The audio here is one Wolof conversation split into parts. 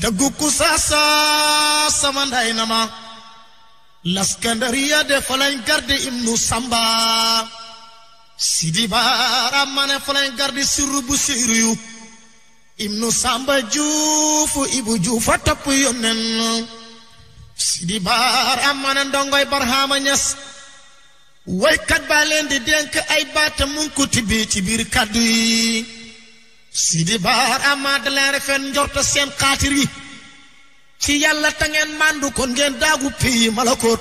dëggu ku saasa sama nday na ma laskandariya de fa garde ibnu samba sidi baara ma ne fa garde sirru bu siiru yu ibnu samba juufu ibu juufa topp yonnen sidi baara ma ne ndongoy barhama ñas waykat baa leen di dénk ay baata munkuti bi ci biir kaddu Sidi Baar Amath leen refen njort seen xaatir yi ci yàlla ta ngeen màndu kon ngeen daagu pii malakoot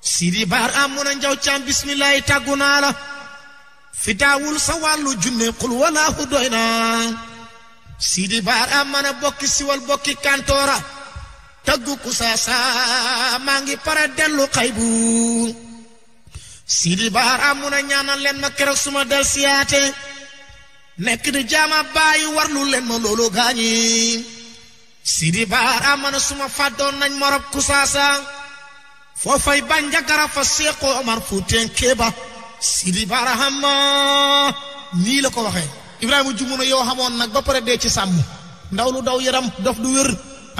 Sidi Baar amuna njaw caam bismillaahi tàggu naa fi daawul sa wàllu junne xul walaahu doy naa Sidi Baar amana bokki siwal bokki kantoora taggu ku saasa maa ngi para dellu xaybu Sidi Baar amuna ñaanal leen ma keroog suma del siyaate nekk di jaama bàyyi warlu leen ma loolu gaañi sidi baara man suma fàddoon nañ morog kusaasa foofay banjagara fa seexu omar fuuteen kéeba sidi baara hamma nii la ko waxee ibrahima jumuna yow xamoon nag ba pare dee ci ndaw lu daw yaram dof du wér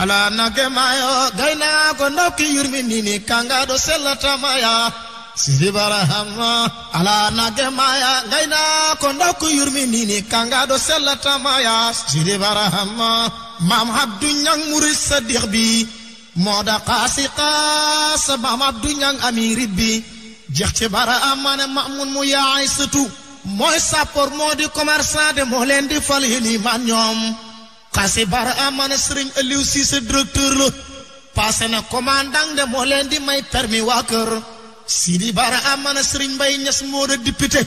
ala nage maayo gay naa ko ndaw ki yurmi nii ni kanga do sellata sidi barahama ala nage maya gayna ko ndako yurminini kanga do sellata maya sidi barahama mam habdu ñang murid sadiq bi moda qasi qas mam habdu ñang amiri bi jeex ci barahama ne mamun mu yaay sëtu mooy sappor moo di commerçant de moo leen di fal yeliman ñoom qasi barahama ne sëriñ Aliou Cissé directeur la passé na commandant de moo leen di may permis waa kër Sidi Bara amana Serigne Mbaye Niass moo da député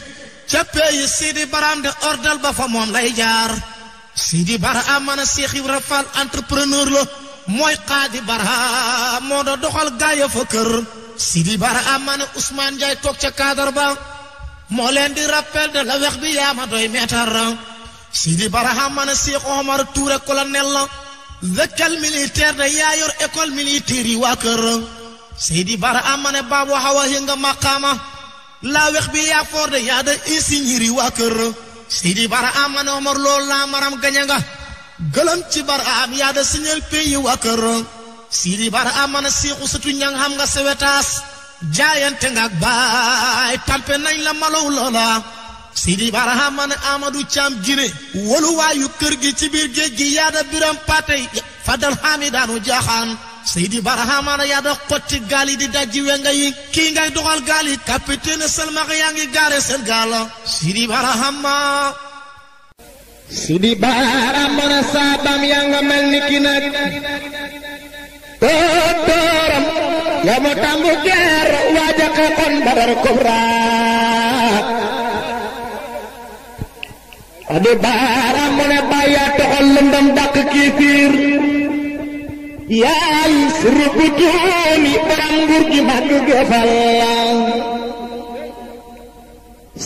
ca peyi Sidi Baraam de ordal ba fa moom lay jaar Sidi Bara amana Cheikh Ibra Fall entrepreneur la mooy xaadi Bara moo da doxal gaaya fa kër Sidi Bara amana Ousmane Ndiaye toog ca cadre ba moo leen di rappel de la wex bi yaama doy meetar Sidi Bara amana Cheikh Omar Touré colonel la dëkkal militaire de yaa yor école militaire yi waa kër Seydi Bara ama ne baab waxa wa yënga maqaama laa wex bi yaa foorde yaa da isi ñiri waa kër Seydi Bara ama ne Omar loolu laa maram gaña gëlëm ci bara am yaa siixu satu ñang xam nga sewetaas jaayante nga baay tampe nañ la malow loola Seydi Bara ama ne Amadou Thiam Guinée waluwaayu kër gi ci biir géej gi yaa da biram patey fadal xaami daanu jaaxaan seydi barhamana ya dox potti gali di dajji wenga yi kii ngay doxal gaali capitaine salmax yaa ngi gaare seen gaalo sidi barahama sidi barhamana saabam yaa nga mel ni ki nag tóotóoram ya mo tambu geer waaja xeqon badar kubra adi barhamana bàyyaa toxal lëndam dàq kii fiir yaay sëriñ bu doomi borom nguur gi màgg gëfal la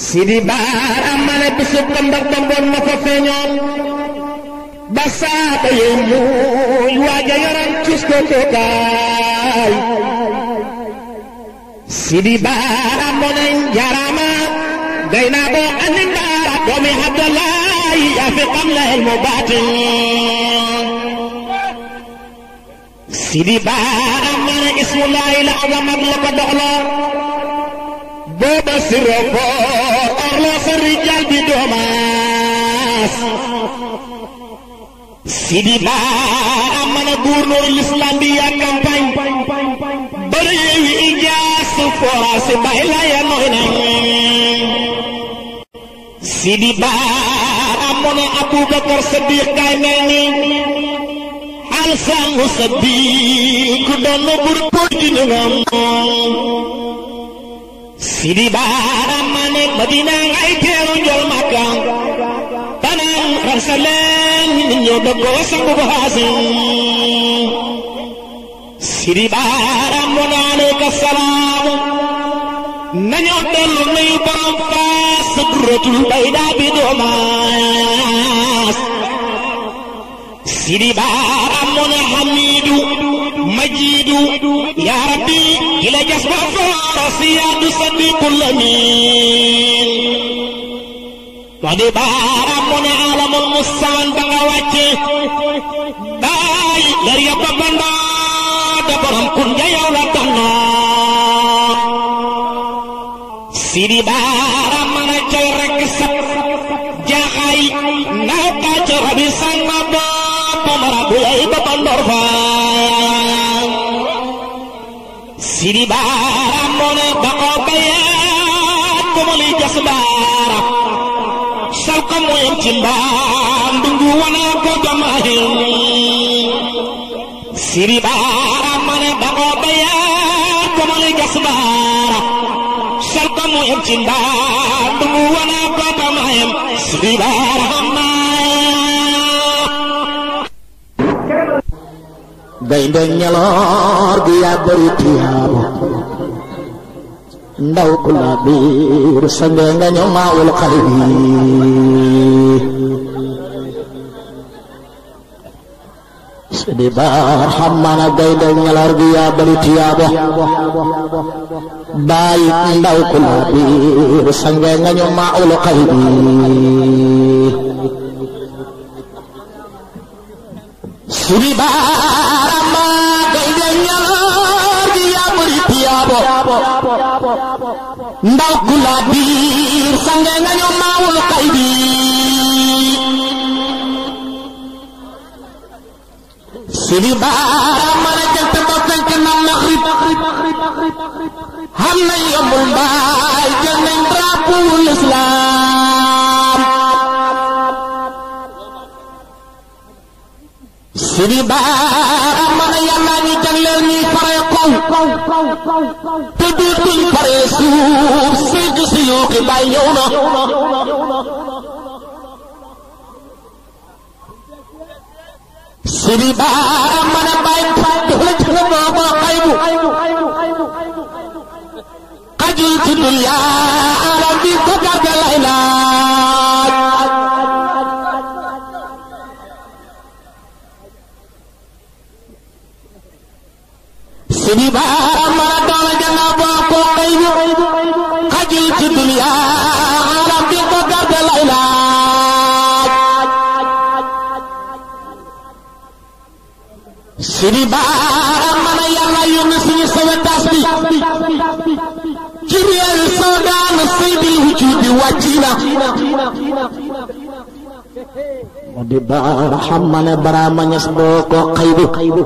sidi baar amane bisub gambar bamboon ma ko feeñoon ba saaba yey muuy waaja yaram cus ko toogaay sidi baar amone njarama gaynaa boo anin baara doomi abdallaahi yaa fi xam la ilmu baatin sidi ba am na ismullahi la azam ak la ko doxloo booba si rombo orloo sa rijal bi doomaas sidi ba am na gouverneur l'islam bi bari yewi ijaas foras bay la ya noy na sidi ba am abubakar sadiq kay mel الخام صديق دون بربوت نغام سيدي بارا ماني مدينة اي تيرو جول مكان بنا رسلان من يدقو سنبو حاسم سيدي بارا منانيك السلام nañoo dellu nuyu borom faas sadratul bayda bi doomaas sidi baara mu hamidu majidu ya rabbi ila jasba fooro siyaadu sadiqu lamin wax di baara mu ne alamul mustaan ba nga wàcce baay lar da borom kun ja la tannaa sidi baara moo ne baqoo bayaat ba mu lay jas baara sal ko mooyam ci mbaam dungu wana ko jamaahir sidi baara moo ne baqoo bayaat ba mu lay jas baara sal ko mooyam ci mbaam dungu wana ko jamaahir sidi baara gaynde ñeloor gi yaa bari ndaw ku la biir sange nga ñëw maawul xale bi sidi baar xam mana gaynde ñeloor yaa bari tiyaabo ndaw ku la biir nga ñëw maawul xale bi suni baarama gaynde ñaloor gi yamri tiyaabo ndaw ku la biir sange nañu maawul xay bi suni baarama na jant ba fenk na maxrib xam na yombul mbaay jël nañ drapeau l'islam suñu baara man yàlla ñu jagleel ñuy pare kaw te dootuñ pare suuf saytu si yoo ki bay ñëw na. suñu baara man a bay doxali ci la moo moo xaybu xajul ci dunya alam bi ko gàggal ay laa. sëriñ ba mara doon a janga boo ko xëy bi xajil ci dunya alam bi ko garde lay laaj sëriñ ba mara yàlla yónni suñu sama tas bi ci réew soo daan sëy bi wujju bi wàcc na xam ma ne baraama ñas boo ko kaybu kaybu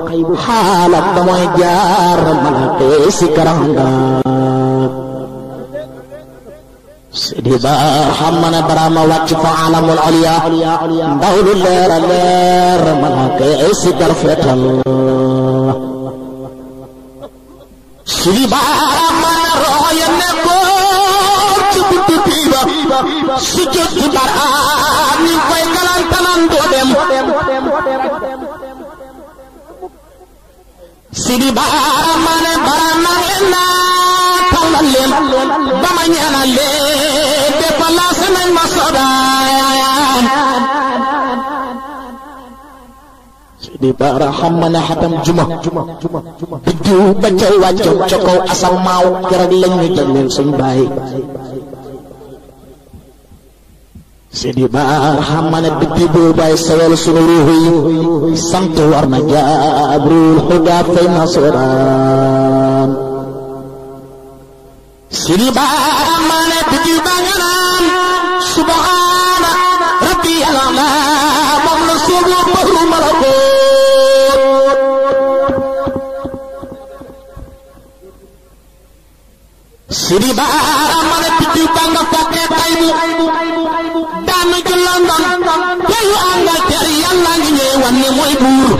ba mooy jaar malaate si karanga sidi ba xam ma ne baraama fa alamul aliya ndaw lu leer a leer malaate si garfetal sidi ba ma ne rooya nekkoon ci kalanta untuk dem sidi baramane baranang lena kalalem bamanyana le de palasenan masoda di bara hammana hatam juma bidu bacay wacce coko asal mau kira lañu jël leen suñ baye Sedih baar xamane bitibu bay sawal sunuruhu sant warna jabrul huda fay nasuran sidi baar xamane bitibu banganan subhana rabbi alama mamlu subu bahru malakut sidi baar xamane bitibu bangak pakai taimu yu àndal te yàlla ngi ñëw wan ne mooy buur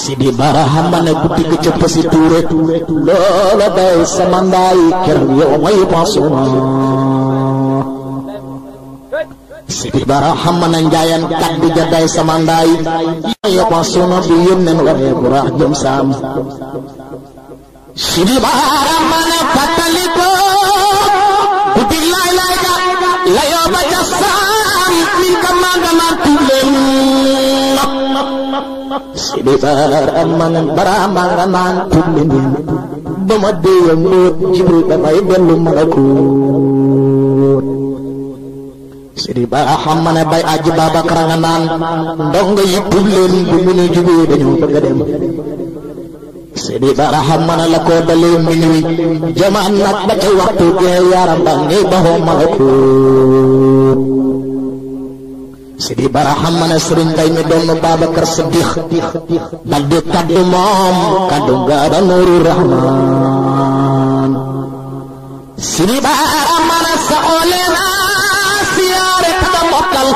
sidi barahama ne guddi gi ca pasi tuure loola day sama ndaay kër yow mooy masuma sidi barahama ne njaayan kaddu ja day sama ndaay iya, yow masuma bi yónneen waree buraax sidi barahama ne fàttalikoo sibitar amanan baraman ranan kullini ba ma dee yëngoot jibril damay dellu malakoot sëriñ ba xam ma ne bay aji Babakar nga naan ndongo yi tuub leen bu mu ne jubee dañoo bëgg a dem sëriñ ba xam ma ne la koo dalee minuit jamaan nag ba tey waxtu gee yaram ba ngay baxoo malakoot Sri baraxam mana sëriñ day mi doon babakar siddiq dal di kaddu moom kaddu gaara nuru rahman Sri baraxam mana saxoole naa siyaare ta mokkal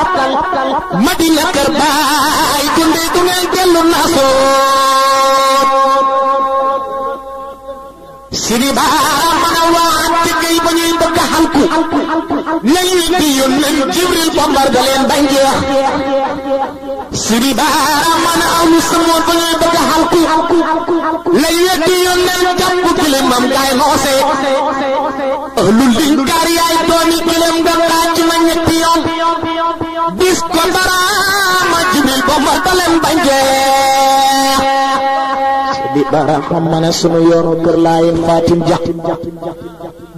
madina kër baay junde du ngeen dellu naasoo sidi mana ñuy bëgg xalku jibril bombar da leen bañ jeex sidi baara mën am samoon ba bëgg xalku la ñuy di yónneen jàpp kilim mam noose yaay ma ñetti bis ko baraama jibril bombar da leen bañ jeex sidi baara sunu fatim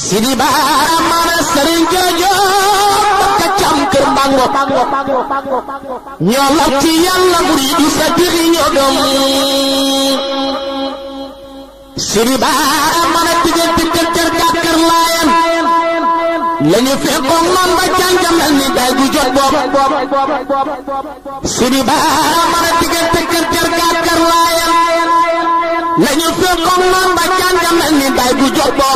Sidi Baara Maana Sëriñ Jojo Bakka Cam Kër Mbango ñoo lab ci yàlla muriidu Fatick ñoo doom Sidi Baara Maana Tijjel Tijjel Kër Kàkkar Laayen la ñu fekkoon noonu ba jàngamel ni day gu jot bopp Sidi Baara Maana Tijjel Tijjel Kër Kàkkar Laayen la ñu fekkoon noonu ba Gus Jokbo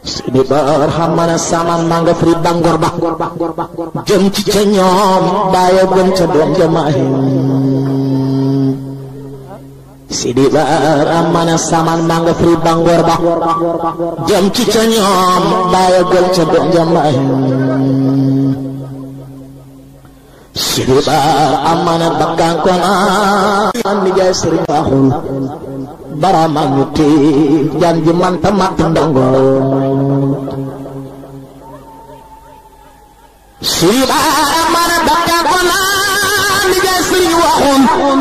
Sini barhamana saman mangga fri banggor banggor banggor banggor Jem cice nyom bayo gem cedong jemahin Sini amanah saman mangga fri banggor banggor banggor Jem cice nyom bayo gem cedong jemahin Sini bar amana bakang kona Amiga sering tahun baraama ñu tiim jaan ji manta matt ndongo sëriñ baamara bakka ko naan di jaay sëriñ waxoon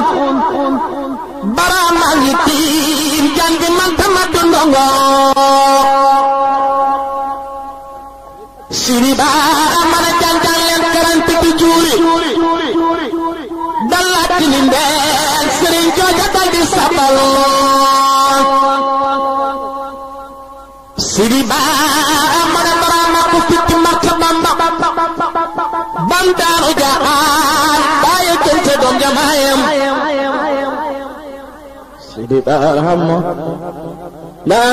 baraama ñu tiim jaan ji manta matt ndongo sëriñ baamara jàngal leen karante ki juuri dalaat ci li ndeel sëriñ jooja dal di sabal bam daanu jaaxaan bàyyi tënte doom jamaayam sidi barham la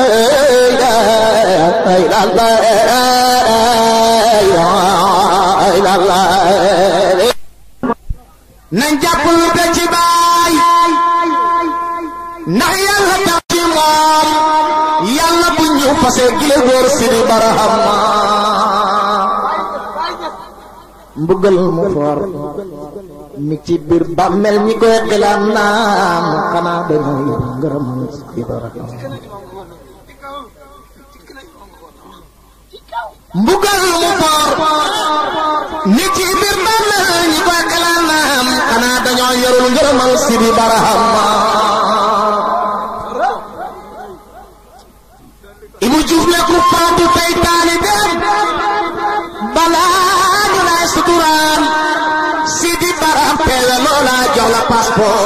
ilaha illallah nañ jàpp lu be ci baay ndax yàlla tax ci moom yàlla bu ñu fase gile góor sidi barham mbugal mu for mi ci biir bàmmel ñi koy xilaam naam xanaa dañoo yor ngërëm ci baraka mbugal mu for ni ci biir bàmmel ñi koy xilaam naam xanaa dañoo yorul ngërëmal si barahama ibu juuf ne ku faatu tey balaa teewe loola jox la passeport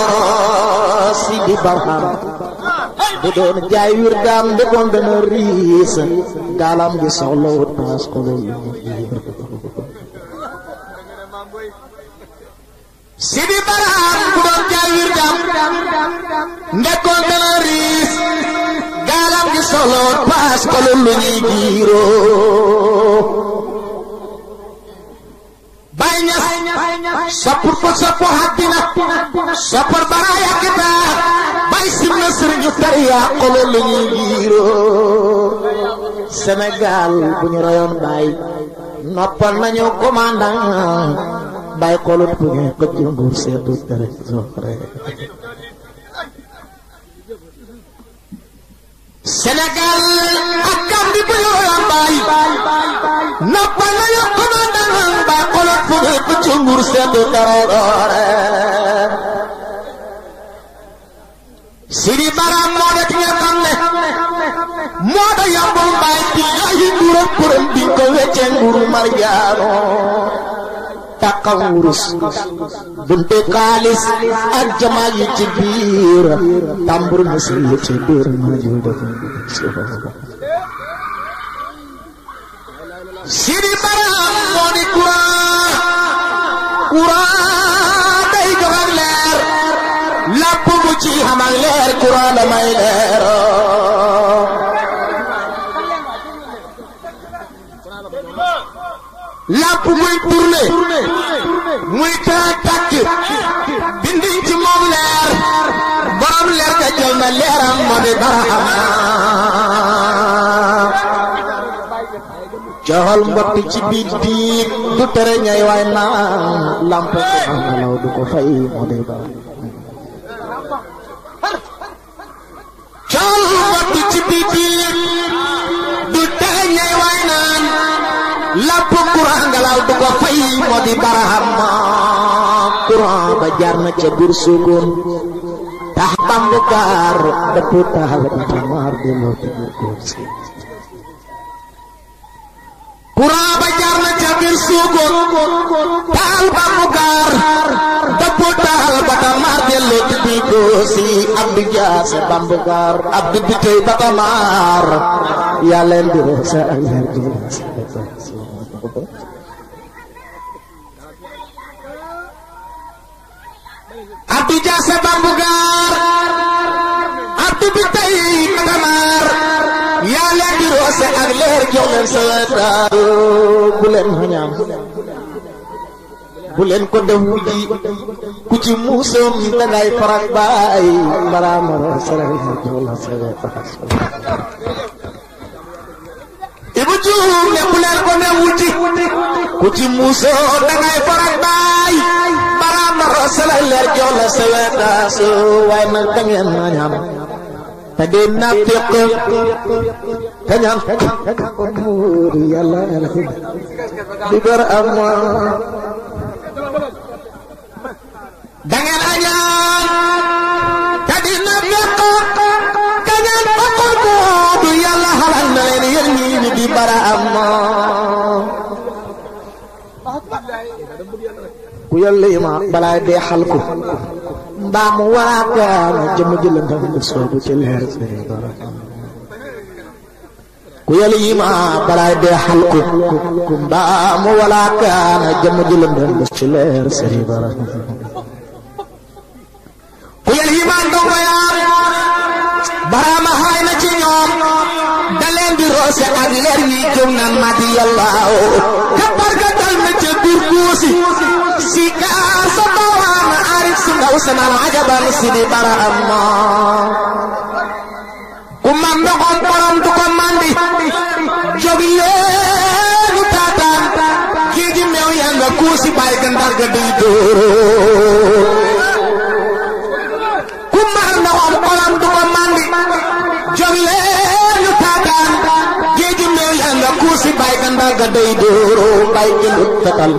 si di barxam bu doon jaay wir daam defoon dana riis gaalam gi soxlawut passeport si di barxam bu doon jaay wir daam ndekkoon dana riis gaalam gi soxlawut passeport lu ñuy giiroo Baay Ñas sapur ko sappo haddina sapor baraya kita bay simna sëriñu tariya xoloo la ñuy giiroo Sénégal bu ñu rayoon baay noppal nañu commandant baay xolut bu ñu xëcc nguur seetu tere soxre Sénégal ak Gambie bu yoolam baay noppal na yëpp na danaan ba xolot fu bépp ci nguur seetu karoore Sidi Baraam moo de nga xam ne moo da yambul mbaay bi laahi nguuram kuram bi ko taqaw wurus ak jama ci biir tambur musul yi ci biir ma juuda siri baram moo di courant courant day jox ak leer làpp bu ci xam ak làmp muy tourné muy taa tàkk bindiñ ci moom leer borom leer ka jël na leeram ma di baraxam coxal mbott ci biir diig du tere ñay waay naan làmp ko am du ko fay moo di baraxam coxal mbott ci biir diig du tere ñay waay naan lamp kurang galau du ko fay moo di barahama Quran ba jaar na ca biir sugur tax di loo tudd kursi Quran ba jaar na ca biir sugur taxal bambukar dëpp di loo tudd kursi Abdou Diasse bambukar Abdou Bitey ba tamar yaa leen di ko abdu jaase bambugaar abdu bi tey tamaar yaa leen di roose ak leer jox leen sa taaru bu leen xañaan leen ko def wuti ku ci muusoom baay mbaraama roose rek jox la sa taaru ibu juum nekkuleen ko ne wuti ku ci muusoo dangay faral baay baraam ma rosala leer jox la sa wetaasu waaye nag da ngeen ma ñaan te di nafiq te ñaan ko muur yàlla alxib di gor am di baraam moom ku yàlla yi ma balaa dee xal ko mbaa mu waraakaama jëmm jëlëndam bu soobu ci leer ku yàlla yi ma balaa dee xal ko mu waraakaama jëmm jëlëndam bu ci leer ku yàlla yi ma ndongo yaar si ak leer yi jóg naan ma di yàllaaw kabar ga dal na ca biir guusi si kaar sa bawaana arif si ndaw sa naan ajaban si di bara am ku man doxoon borom du ko mandi jóg leenu taataan kii di meew yaa kuusi bàyyi ga ga di tey dóoroo bay jëlut fetal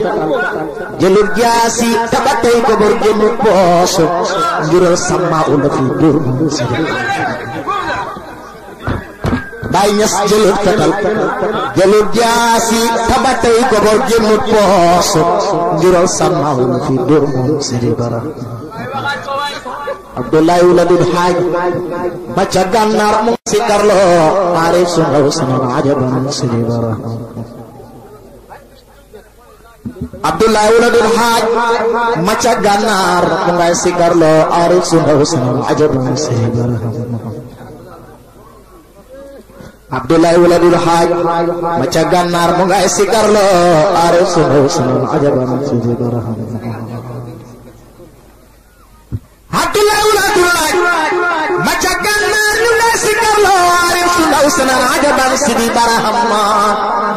jaasi taba tey gobar jëlut boos njural sàmmaa la fi dóor si bay ñas jëlut xaaj ba ca gànnaar mu si karloo aarif su ngaw sana ajaban si bara Abdullah Uladul Haj Maca Ganar Mengai Sikarlo Arif Sunda Husnul Ajab Abdullah Uladul Haj Maca Ganar Mengai Sikarlo Arif Sunda Husnul Ajab Abdullah Uladul Haj Maca Ganar Mengai Sikarlo Arif Sunda Husnul Ajab Sidi Barahama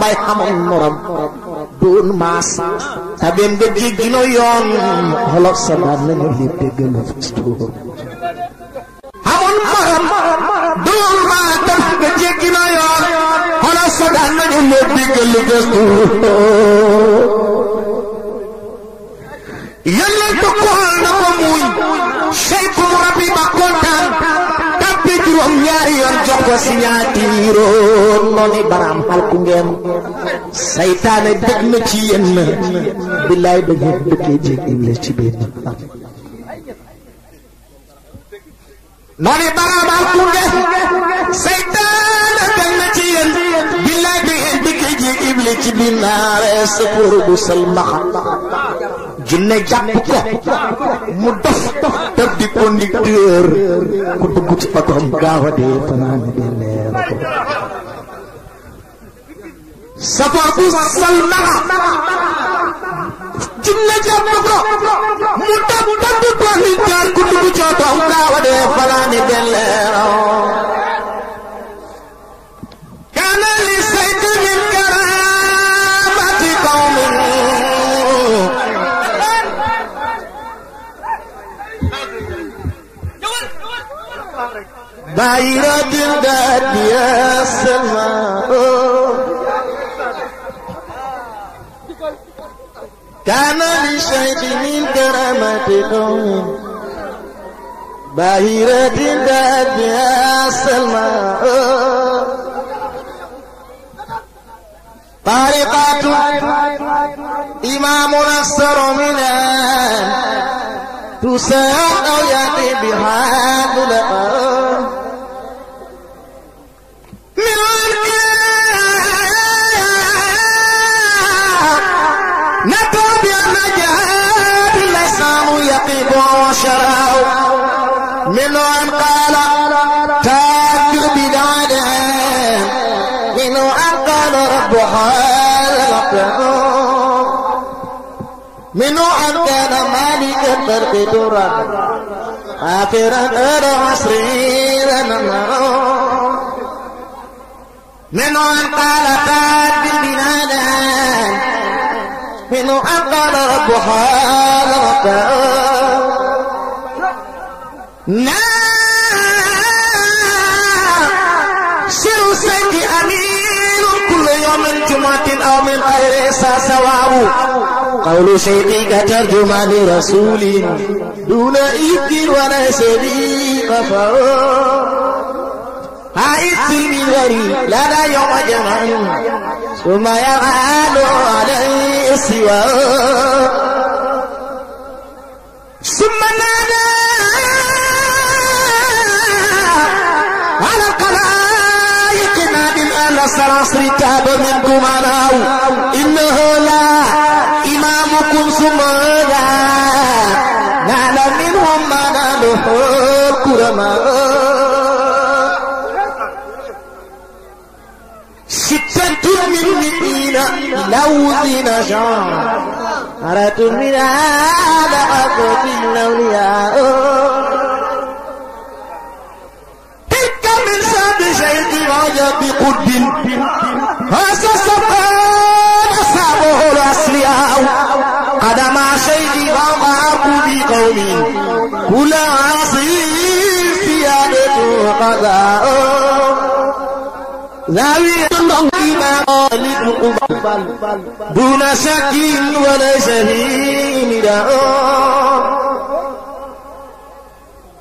Baik Hamam murab. mas Sabihin ko gigino yon Halak sa namin ulipigil of stool Hamon maram Dul matam ko gigino yon Halak sa namin ulipigil of stool Yan lang to kuhal na pamuy Siya'y kumurabi makontan juróom ñaari yoon jox ko signature noonu baraam xalku ngeen saytaane dëgg dëgg na ci yéen billaay ba ngeen jéeg iblis ci biir naare sa pour bu salmaxa jinne jàpp mudah mu dof te di conducteur ku dugg ci otoom gaaw a dee fanaane dee leer ko safar bu sal naxa jinne jàpp ko mu dof di conducteur ku Bayradin'den yasılma Kanali şehrinin kerametini Bayradin'den yasılma طريقة إمام نصر منا تساعد يدي بها نتوب يا مجاب لسان يقيب وشراب من أن قال فات بالبلاد من أن قال رب هذا رب شر سيد أمين كل يوم جمعة أو من غير قول لرسول دون إذن ولا سبيل قفاو haitul milari lada yang wajaman sumaya ada siwa sumana ala kala ala sarasri tabo min inna la imamukum sumaya nana min humma المسكين لوز نشار حرة من هذا حقوق الأولياء تلك من ساد شيخ غاية بقرب هذا السفر أصحابه الأصلياء قدم شيخ غاية قومي كل عصير سيادته قضاء ذوي بما خالد قبل دون سكين ولا فيه نداء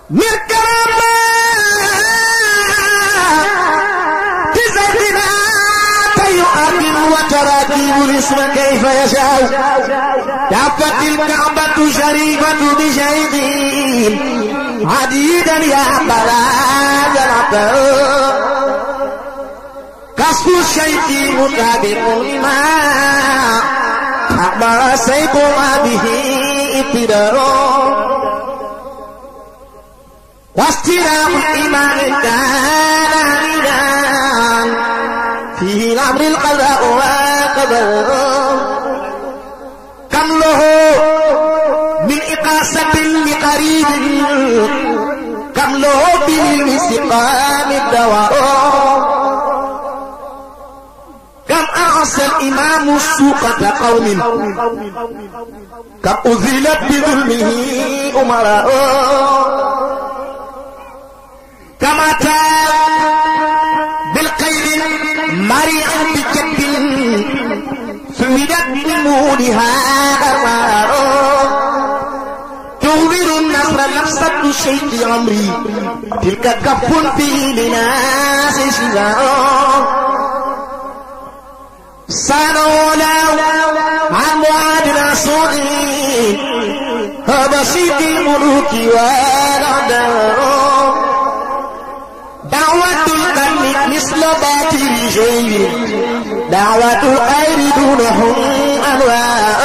من كرامة تيؤكل وتراكيب الاسم كيف يشاء دفت الكعبة شريفة بشيخ عديدا يا بلاد العطاء فصل الشيء مطابق لما حبسيكما به ابتداء واستلام الإيمان كان عملا فيه الأمر نعم القضاء وقدر كم له من إقاسة لقريب كم له من بالاستقام الدواء ليس الإمام سوقة قوم كأذلت بظلمه أمراء كما بالقيل مريعا بكب فمدت بمولها أرواء تغير النصر نفسة شيء عمري تلك كف في لناس شباب صاروا لو عمواد رسولي وبسيط الملوك والأدار دعوة القلب مثل باطل شيء دعوة الخير دونهم أنواع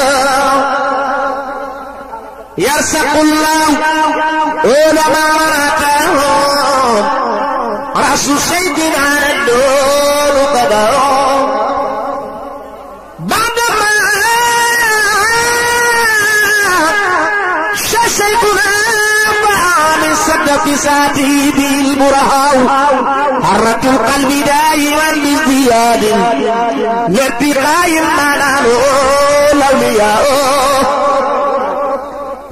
يرسق الله علماء ورثاهم رأس الشيء واقتصاته به البرهاء حرك القلب دائما بازدياد لارتقاء المنام الاولياء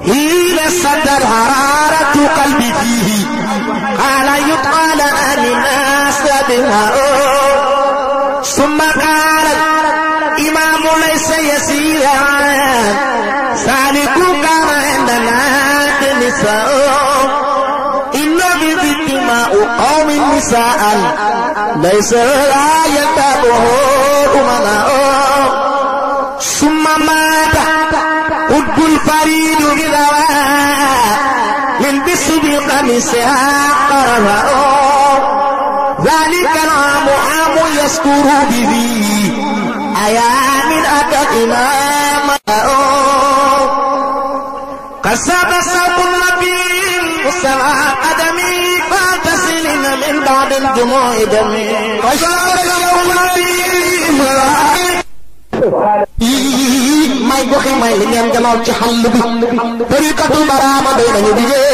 حين صد الحرارة قلبي فيه قال يطال من الناس بها ثم قال ساء ليس لا يتابه أمنا ثم مات قد الفريد بذواء من بسد قميصها قرفاء ذلك العام عام يذكر به أيام أتت إمام te mooy demee. may goxi may li ngeen gannaaw ci xàll bi. përikatu baraama doy nañu diggee.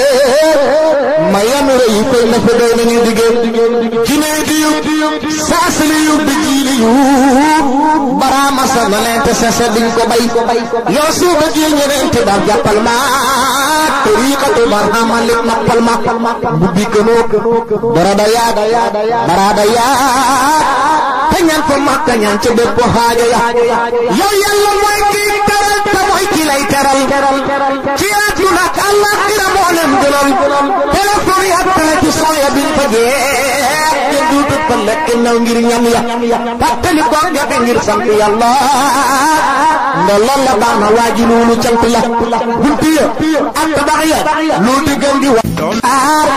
mayam rëy koy na fa doy nañu diggee. ci nee di yóbbu. saasali yóbbu ji. yu baraama sa nanente sese duñ ko bay yow suuba gi ñenente dar jàppal ma tariqatu barhama li nappal ma bu bi gënoo barada yaa barada yaa te ñaan fa mag te ñaan ca bépp xaajo ya yow yàlla mooy kii teral te mooy kii lay teral ci a ak àllaxira moo leen gënal téléphone yi ak télévision ya duñ fa പല്ലക്കിന്റെ ഉങ്കിരിഞ്ഞമിയ പത്തല് കൊറഞ്ഞ പിന്നിൽ സംഖ്യയല്ല lalladana waji lolu cant la bunti ak baxiya lo deugam di war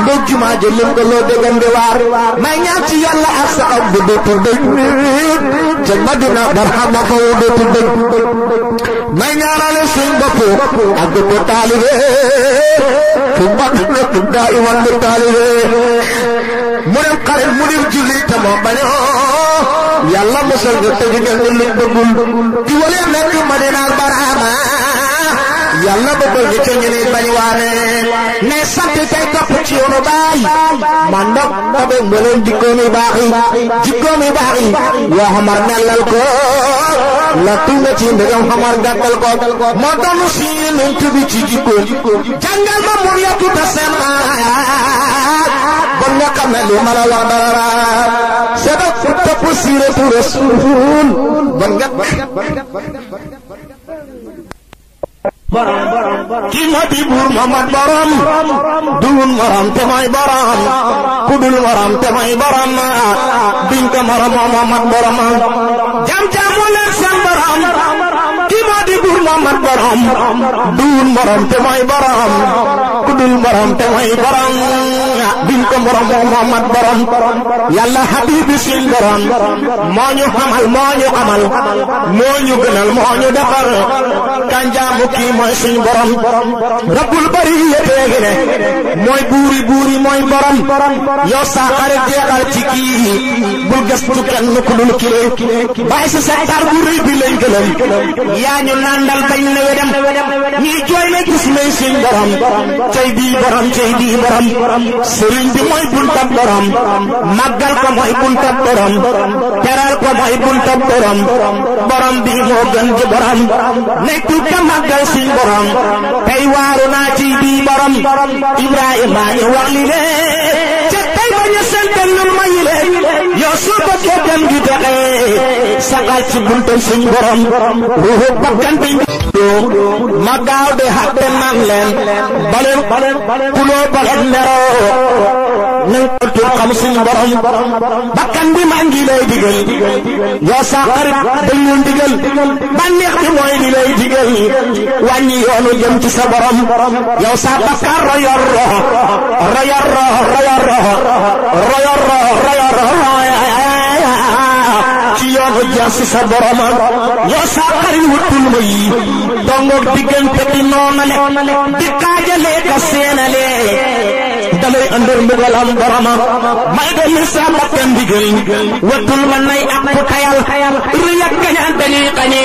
ndojuma je lim ko lo deugam di war may ñaan ci yalla ak sa ab do tur ci madina ko നൈഞ്ഞാറാണ് Singapore അത് പൊട്ടാലുവേ തുമ്പത്തിന്റെ തുണ്ടായി വന്നിട്ടാലുവേ മുരക്കൽ മുടിവിച്ചില്ലിട്ട മമ്പനോ എല്ലാം മുസൽ കിട്ടുകയും ഇവളെ മടിനാൾ വരാമാ yàlla bëggal ñu ca ñu ni bañ waane ne sant tey topp ci yoonu baay man nag tabe mbëleen jikkoom yu baax yi jikkoom yu baax yi yoo xamar nellal ko la tuuma ci mbëgam xamar gàttal ko nu si luñ tubi ci jikkoom jàngal ma mur yokku ta seen xaar bon nga xam ne li kii ma di buur Mamad Borom dulun maram te may borom ku maram te may borom biñ maram moo Mamad Borom jam jamu leen seen borom kii ma di buur Mamad Borom dulun maram te may borom ku maram te may borom xaadim ko borom Muhammad borom yàlla xabibi suñ borom moo ñu xamal moo ñu xamal moo ñu gënal moo ñu defar kanjaamu kii mooy suñ borom rabbul bariyate gi ne mooy buuri buuri mooy borom yow sa xarit jeexal ci kii bul gëstu kenn ku dul kii bàyyi si secteur bu rëy bi lañ gëlëm yaa ñu nandal bañ na wedem ñii jooy na gis nay suñ borom cay bii borom cay bii borom sëriñ bi mooy buntab borom màggal ko mooy buntab borom teral ko mooy buntab borom borom bi moo ji borom nekkul ka màggal suñ borom tey waaru naa ci bii borom Ibrahima ñu wax li lee a yoo soo bëggee dem di doxee saxal ci buntu suñ borom ruuxu bakkan bi ma gaaw de xatte naan leen baleen kuloo baleen meroo nañ ko tur xam suñ borom bakkan bi maa ngi lay digal yoo sa xarit dañ leen digal bànneex bi mooy di lay digal wàññi yoonu jëm ci sa borom yow sa bakkan royor roxo royor roxo royor roxo ko jaasi sa boroma yoo saakari wutul moy dongoog diggante di noonale di kaajale ka seenale dalay andar mbugalam boroma may do ni sa bakkan digal wutul man nay ak ku tayal riyak kañaan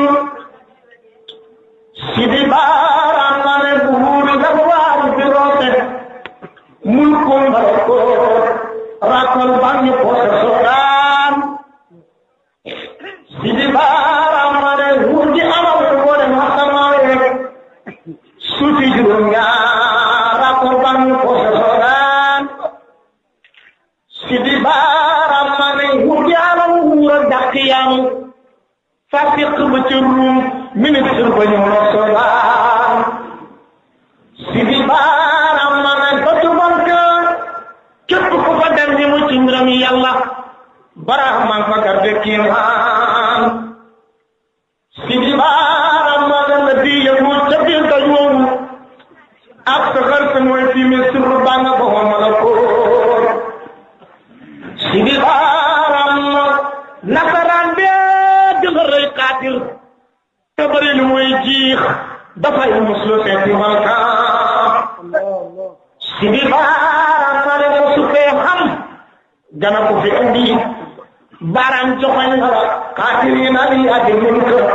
kwenye من أبي أبي منكر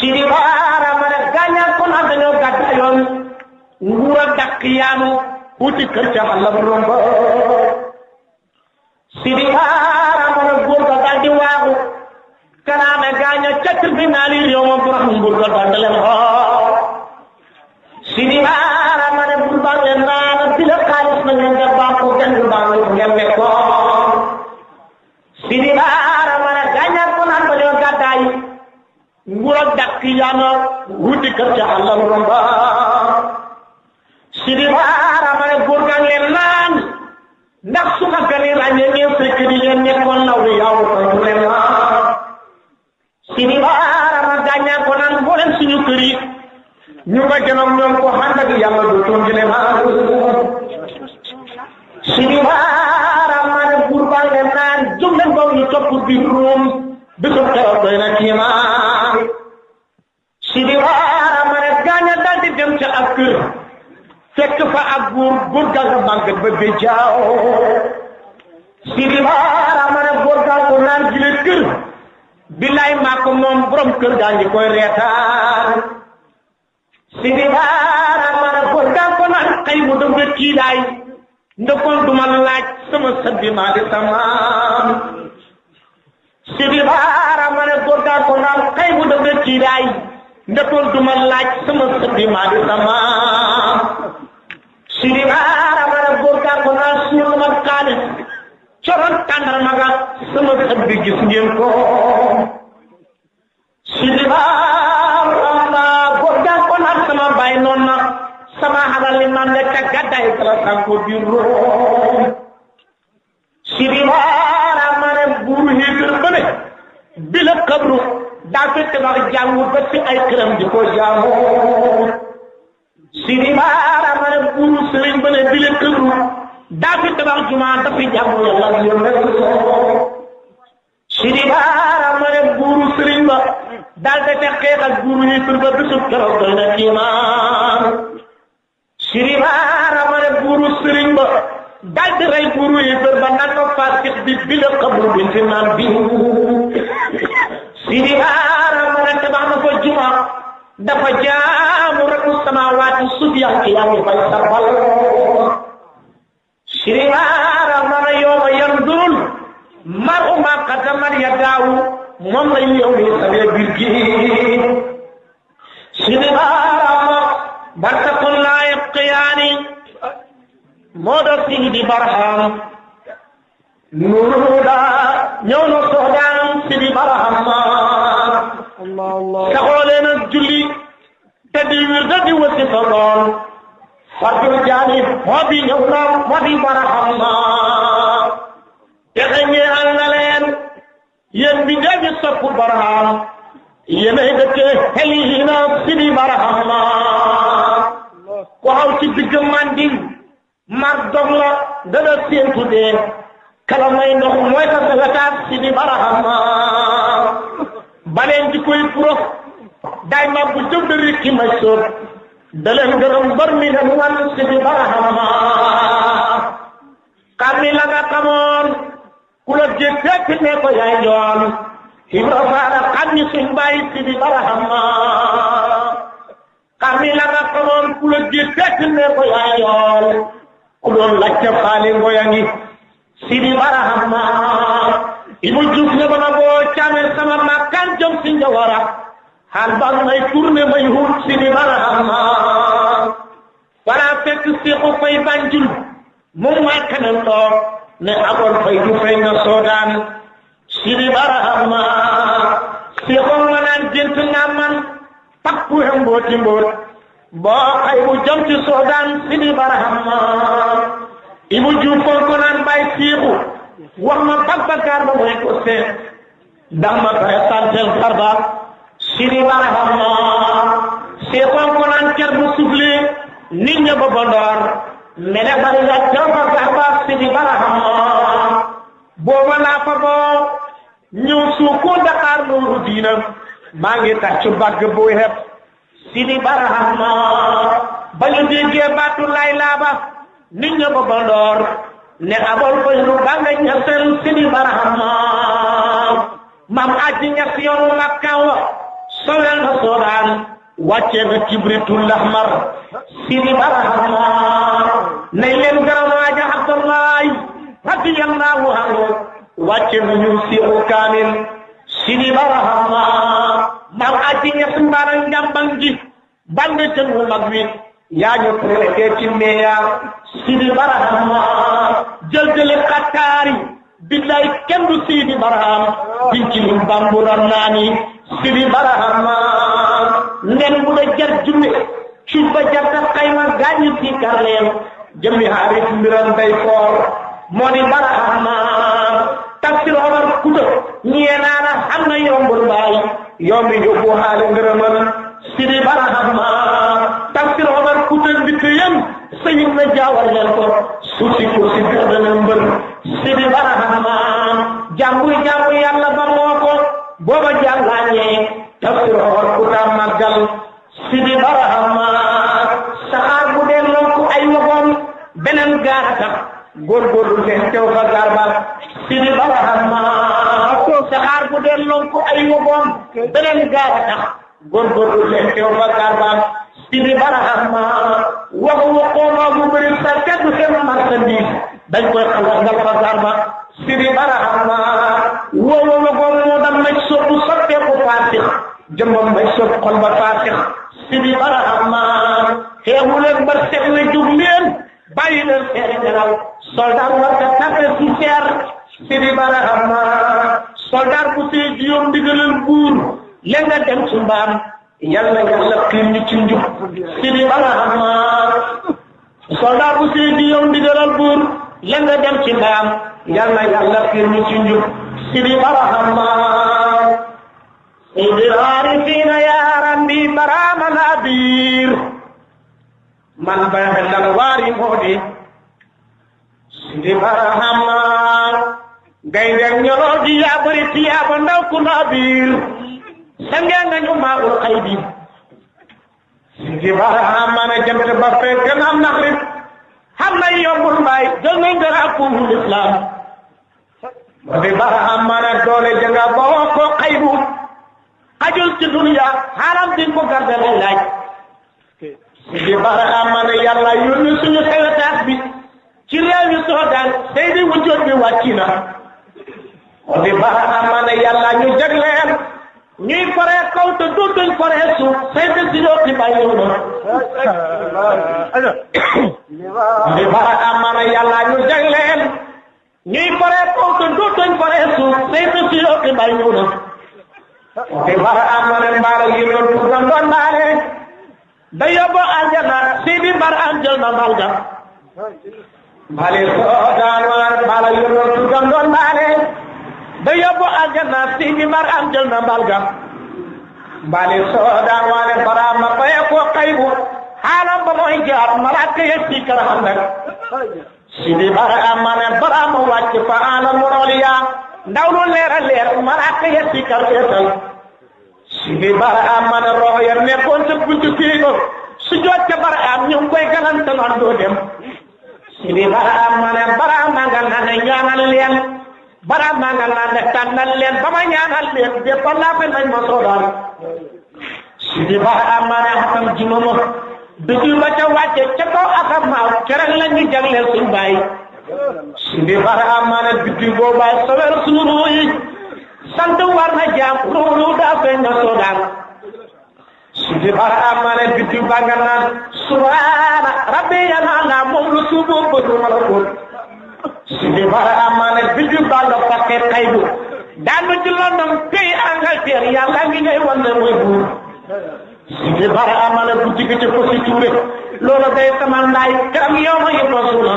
siri baara ma ne gaañal ko naan dañoo gàddaayoon nguur a dakk yaanu wuti ca balla ba romb siri baara ma ne góor ga di waaxu kanaame gaaña ca tribunal yi yow ma bu rax nguur ngura dakki yana wuti kër ca àll ba romba si di baara ma ne góor gaa naan ndax su ma gënee ràññee ngeen fekk di leen nekkoon naw di yaw ko ñu naan si baara ma gàññaa ko naan mboolem suñu kër yi ñu ko xànd ak yàlla du toon ma ne góor naan jóg leen ba ñu topp bi ruum bisub keroog doy na kiimaa kër fekk fa ak góor góor ga ba be jaaw Sidi Baara ma ne góor ga ko naan jile kër billaay maa moom borom kër gaa ngi koy reetaan Sidi Baara ma ne góor ga ko naan xëy mu dem ba kiilaay duma laaj sama sët di tamaam Sidi Baara ma ne góor ga ko naan xëy mu dem ba ndëppoon du ma laaj sama sëbi maa di sama siri baara bara góor gaa ko ma kaane coroon tàndar ma ga sama sëbi gis ngeen ko siri baara góor gaa ko naa sama noon na sama halal li naan lekk a gaddaay kala sanko di room siri baara ma ne buuru hiidir ba bila kabru daa fi tabax jàngu ba fi ay këram di ko jaamu Sidi Baara ma ne buuru ba ne bile këru daa fi tabax jumaa dafi jàngu yàlla yónnee Sidi Baara ma ba daal di fekk xeex ak yi tur ba bisu keroog doy na kiimaan Sidi Baara ma ne buuru ba daal di rey buuru yi tur ba naan ko faas bi bile xabru bi naan bi Sidi Haaram nag tabax na ko juma dafa jaamu rabbu samaawaati suuf yaa ngi yaa ngi fay sabal Sidi Haaram nag yawma yanzurul mar'u maa qaddamat yadaahu moom la ñu yow nii sabee biir gi Sidi Haaram bartakun laa yabqiyaani moo doon Sidi Barham nuuru daa ñëw na soxdaan bi barahamaan allah allah taxoo leen ak julli te di wir da di wasifa lool fardul jaani moo fi ñëw na moo fi barahamaan texe ñeexal na leen yéen bi ndee bi soppu baraham yéenay dëkkee xel yi na si bi barahamaan ku xaw ci digg manding mar dog la dana séentu dee kala may ndox mooy sa sasataan si di barahama baleen di koy puro daay ma bu jëb ki may sóot daleen gërëm bër mi si di barahama xam ni la nga xamoon ku la jëg ko yaay yoon Ibra Faal xam ni sidi barahama ibu juf ne bana bo came sama makkan jom sinja wara han ban may tourné may hut sidi barahama wara fekk siixu fay banjul mum ma kanen to ne abon fay du fay nga sodan sidi barahama siixu manan jent ngaman pakku he mbooti mboot bo kay bu jom ci sodan sidi barahama Ibou Diouf ko naan mbay siiku wax ma bag bakaar ba mooy ko seet ndax ma présentel xarba siri baraxam ma seekoon ko naan cer bu sufle nit ña ba bandoor mele bari la jamba gamba siri baraxam ma booba laa fa boo ñëw suukoo Dakar nooru diinam maa ngi tàccu bagg bu xeb siri baraxam ma ba ñu déggee baatu lay laaba ni ña ko bondoor ne abol ko ñu ba nga ñasel sini barahama mam aji ñas yoonu makkaw sowel na soodaan wàccee na kibritul lahmar sini barahama nay leen garaw waaja abdallah radiyallahu anhu wàccee na ñu siiru kaamil sini barahama mam aji ñas mbara njàmbang ji band ca mu mag wi yaañu teeti meeyaa Sidi Barahama jëljële xakkaari billaay kenn du Sidi Baraham bincilum bamburam naani Sidi Barahama nen bu jar junne cuub ba jar ta xayma gaañu si karleen jëmmi haarit mbiram bay foor moo di Barahama tafsir Omar kuta ñeenaana xam na yombul baay yombi yóbbu haale ngërëmal Sidi Barahama ak bitiyam sañin na jaawaleel ko suusi kuusi gërdana mbër sidi barahamaan jàmbuy jàmbu yàlla ba moo ko booba ku daa màggal sidi barahamaan saxaar bu dee lonku ay waxoon beneen gaara tax góorgóorlu leen teew fa gaar ba sidi barahamaan saxaar bu dee lonku ay waxoon beneen gaara tax góorgóorlu leen teew fa gaar Sidi Barahama wax nga xooloo bu bëri sa kenn du seen marchandise dañ koy xam wax nga bazar ba Sidi Barahama wóoloo la ko moo dam nag soppu soppeeku faasix jëmbam may sopp xol ba faasix Sidi Barahama xeebu leen ba seet na jug leen bàyyi leen seere war nga tappe si seer Sidi Barahama soldat bu see jiyoom ndigalal buur leen dem su yàlla yàlla xiir ñu ci njub Sidi Barahama soldat bu sii di yow ndigalal buur la nga dem ci mbaam yàlla yàlla xiir ñu ci njub Sidi Barahama Sidi Arifina yaa rabbi Barahama laa biir man ba xelal waari moo di Sidi Barahama gaynde ñoroo yaa bëri yaa ba ndaw sangee nañu maagul xay bi si barahama na jant ba fekk na nax rib xam na yombul mbaay jël nañ dara kuumu lislaam si barahama na doole janga boo ko xay bu xajul ci dunya xaaram di ko garde lay laaj si barahama na yàlla yónni suñu xewetaat bi ci réew yi Suudaan tey di wujjoot bi wàcci na si barahama na yàlla ñu jagleel ñuy paree kaw te dootuñ paree suuf si ñoom di bàyyi wu ñu. li bara amana yàlla ñu jagleel. ñuy paree kaw te dootuñ si ñoom di bàyyi wu ñu. li bara amana mbaara yi doon turam doon naare. da yóbbu aljana si bi bara aljal na malga. mbali soo daan waar mbaara yi doon turam doon ba yobbu aljanna si mi mar am jëlna mbal ga mbali sodan wale bara ma halam ba moy jaar marat ke yesti karam nak sidi mar am mane bara ma wacc fa alam rolia ndawlo lera ler marat ke bara nangal naa ne tànnal leen ba ma ñaanal leen bépp laa apa nañ ma soodaan su di ba amaane jumama bisu ba ca wàcce ca kaw asamaaw keroog la ñu jagleel suñ baay su di ba amaane bisu boobaa sawel suñu ruu yi sant war na jaam ruuru daa koy na soodaan su di ba amaane bisu ba nga naan subaana Sidi Bara amaana bi ju bàll pakke xaybu daanu ci London pays Angleterre yàlla ngi ngay wan ne mooy buur Sidi Bara amaana bu jigéen ca Fossi Touré loolu day sama ndaay karam yow ma yëpp a suuna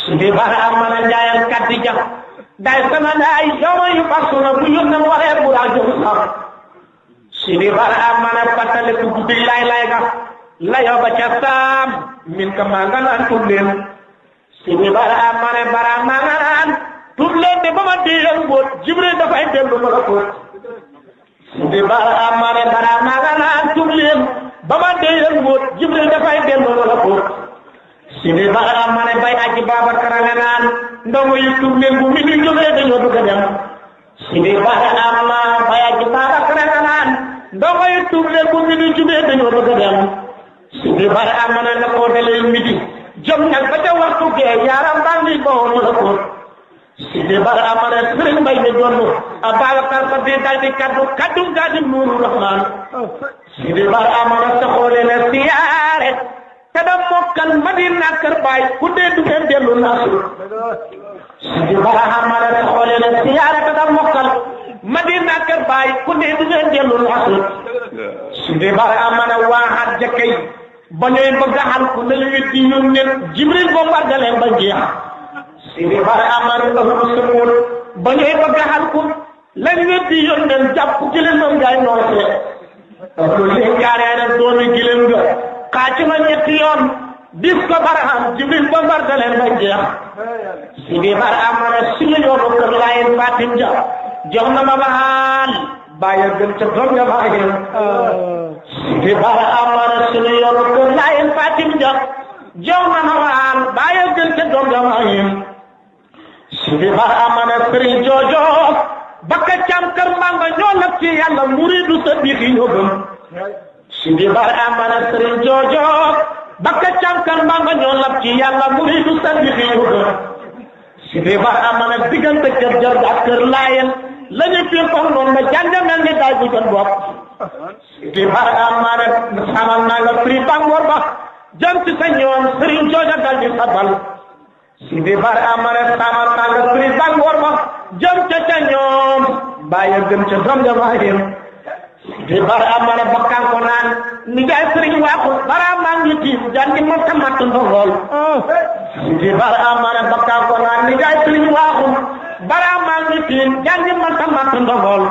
Sidi Bara amaana njaayal kaddi ja day sama ndaay yow ma yëpp a suuna bu yónnee waree bu raa jox sax Sidi Bara amaana fàttaliku guddi laay laay ga layoo ba ca min ka maa nga naan tudd sini baraam ma ne baraam maa nga naan tuub leen de ba ma digal mbóot jibril dafay dellu ma la koot sini baraam ma ne baraam maa nga naan tuub leen ba ma digal mbóot jibril dafay dellu ma la koot sini baraam ma ne bay aji Babakar a nga naan ndongo yi tuub leen bu mi ni jógee dañoo dugg dem sini baraam ma bay aji Babakar a nga naan ndongo yi tuub leen bu mi ni jógee dañoo dugg dem sini baraam ma ne la kootalee midi jom nag ba ca waxtu gee yaaram baa ngi bowoon la ko si di bara amare sëriñ mbay mi jonnu a Babacar ba bi dal di kaddu kaddu gaa di nuuru si di bara amare saxoole ne siyaare te da mokkal Madina kër baay ku dee du ngeen dellu naasu si di bara amare saxoole ne siyaare te da mokkal Madina kër baay ku dee du ngeen dellu naasu si di bara amare waaxaat jëkkëy ba ñooy bëgg a xalku nañu ne jibril boo fàggalee ba jeex siri bare amari ahlu sumuul ba ñooy bëgg a xalku lañu wet di ne jàpp gileen moom gaay noosee ahlu linkaaree na doomi gileen nga xaacu na ñetti yoon dis ko jibril ba mbardaleen ba jeex siri bare amari suñu yoonu kër laayen fatim ja na ma baal bàyyi gën ca doom ya bàyyi di bara a sunu yoru kër laayeen fatim jot jow nana waan baayo gën ca doom jamaayim di bara amara sëriñ joojo bakka cam kër mbamba ñoo nag ci yàlla muridu sa yi ñoo gëm di bara amara sëriñ joojo bakka cam kër mbamba ñoo nag ci yàlla muridu sa yi ñoo gëm di bara amara diggante kër jor ak kër laayeen la ñu fi ko noonu ba jàngamel ni daay bu jot bopp dimaana maana xamal naa la prix Bangor ba jëm ci sa ñoom Jooja dal sabal si di bar amare xamal naa la prix Bangor ba jëm ca ca ñoom bàyyi gëm ca doom ja baayam di bar bakkan ko ni jaay Serigne waxu bara maa ngi tiim jàngi ma tamat ndongol si di bar amare bakkan ko ni jaay Serigne waxu bara maa ngi tiim jàngi ma tamat ndongol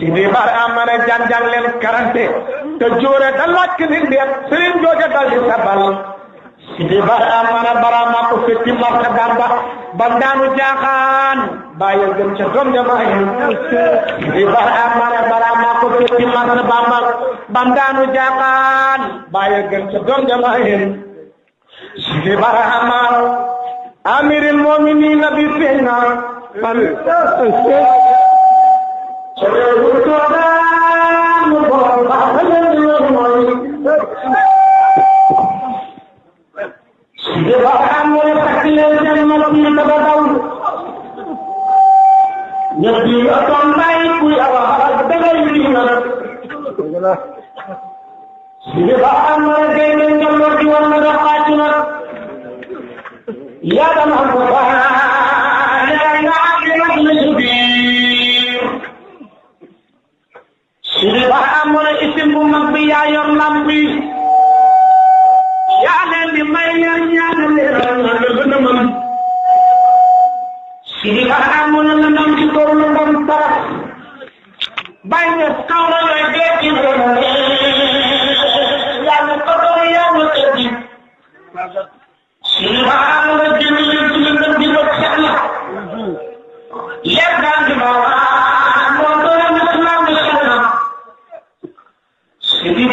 Sidi Bar ama ne jàng-jàng leen karante te jóore da lakk ni ndeet sëriñ jooja dal di sabal Sidi Bar ama ne barama ko fetti marta gamba ba daanu jaaxaan bàyyi gën ca doom ja bàyyi Sidi Bar ama ne barama ko fetti marta bamba ba daanu jaaxaan bàyyi gën ca doom ja bàyyi Sidi Bar ama amiril mu'minin nabi feeñ na يا ذا الأرض يا ذا الأرض Hindi baka mo na isim mong magbiyayang lampi. Yanan di mayan yanan lirang ano naman. Hindi na Banyak kau na lagi yang kau yang lagi. Hindi baka mo na ginulit ng bantara. Yan ang Jadi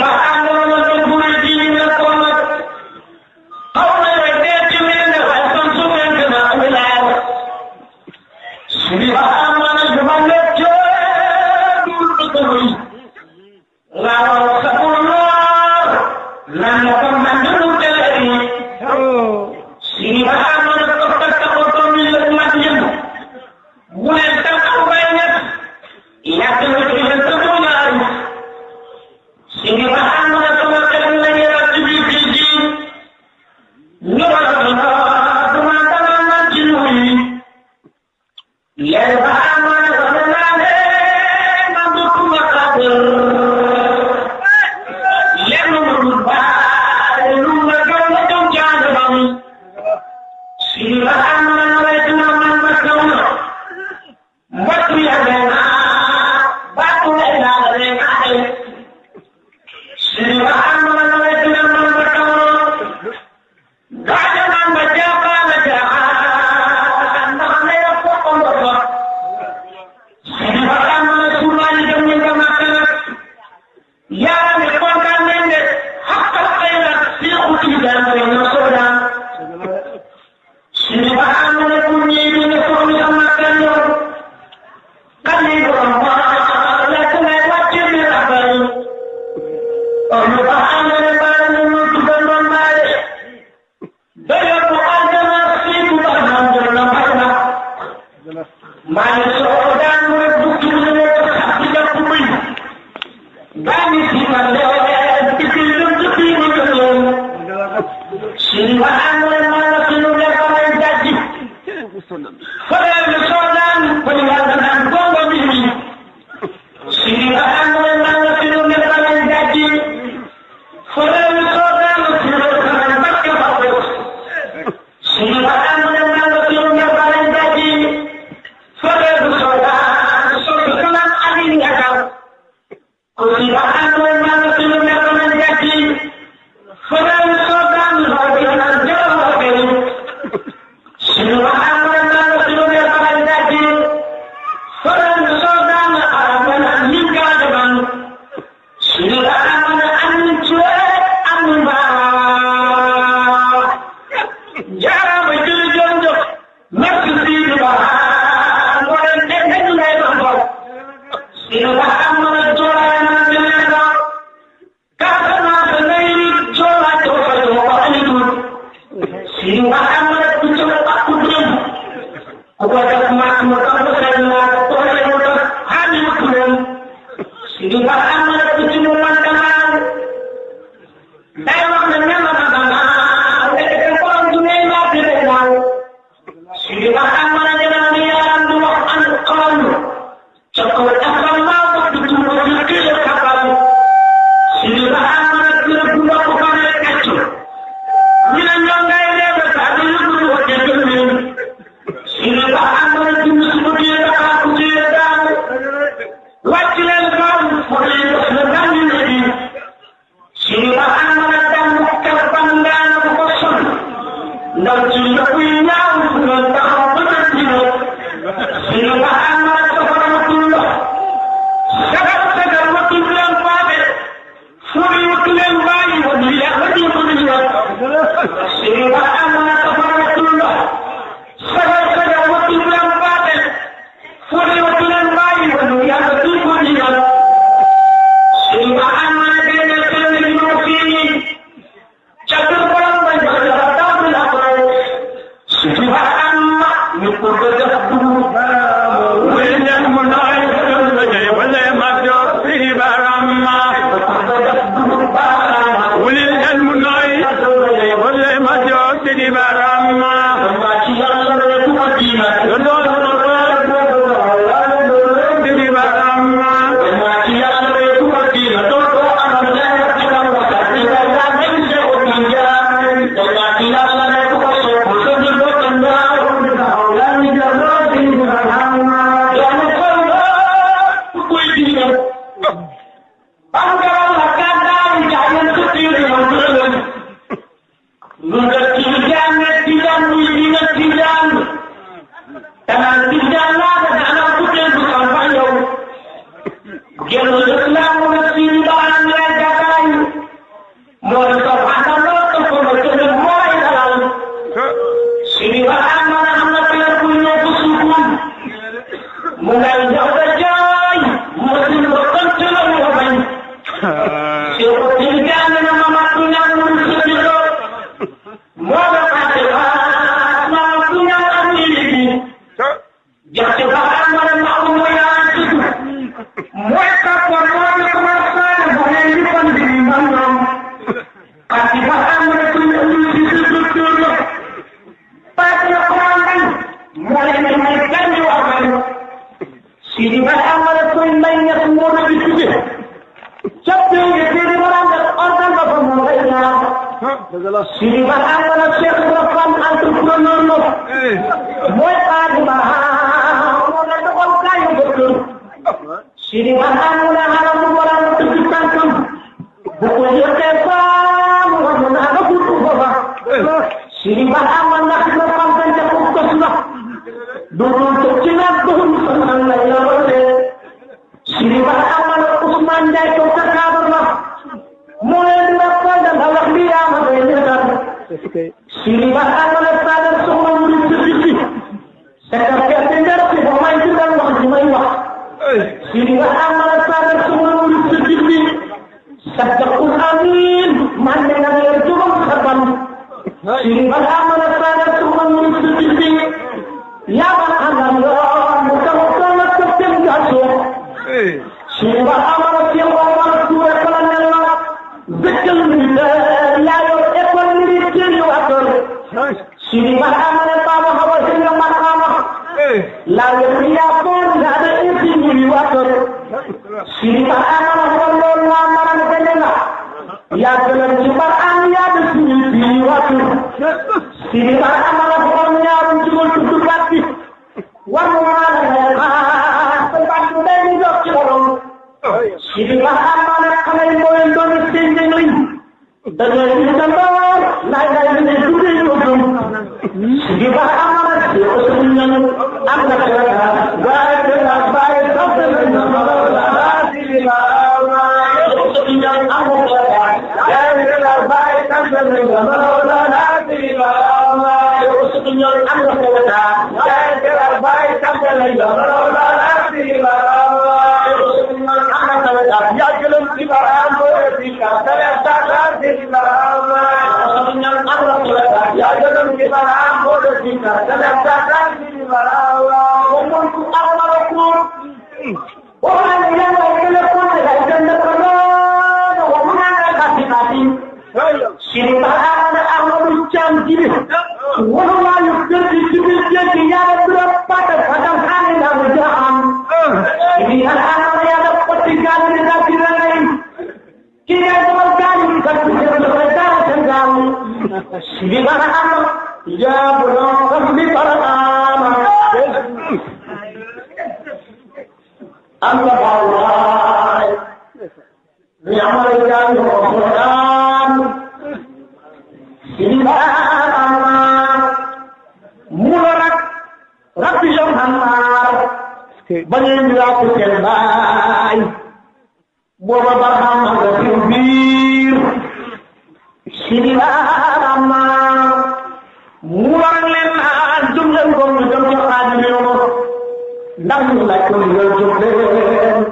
jóg leen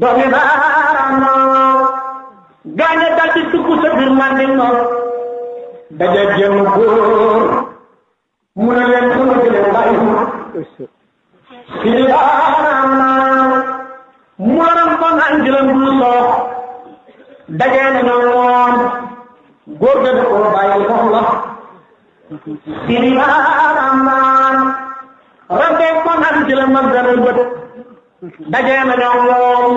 doomi baaraam noor gaane dal di dugg sa biir mandi noor daje jëm góor mu ne leen sunu jële bàyyi si di baaraam noor mu waram ko naan jëlam du soox daje nañu moom góor ga da ko bàyyi soxla si di baaraam noor ci la mag daral ba def dajee na ñoom moom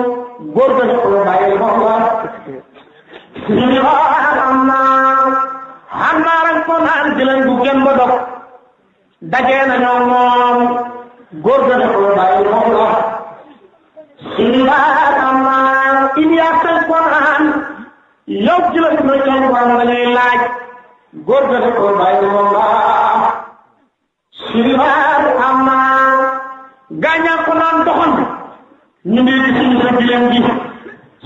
góor ga ne ko bàyyi moom la ah. ñu am naa am naa rek ko naan ci lañ bu kenn ba dog dajee na ñoom moom ah. ah, góor ga ne ko bàyyi moom la ñu ne ko am naa Ilias ak ko naan yow ci la laaj gaañaa ko naan doxal ñu ngi ci suñu sa bilan gi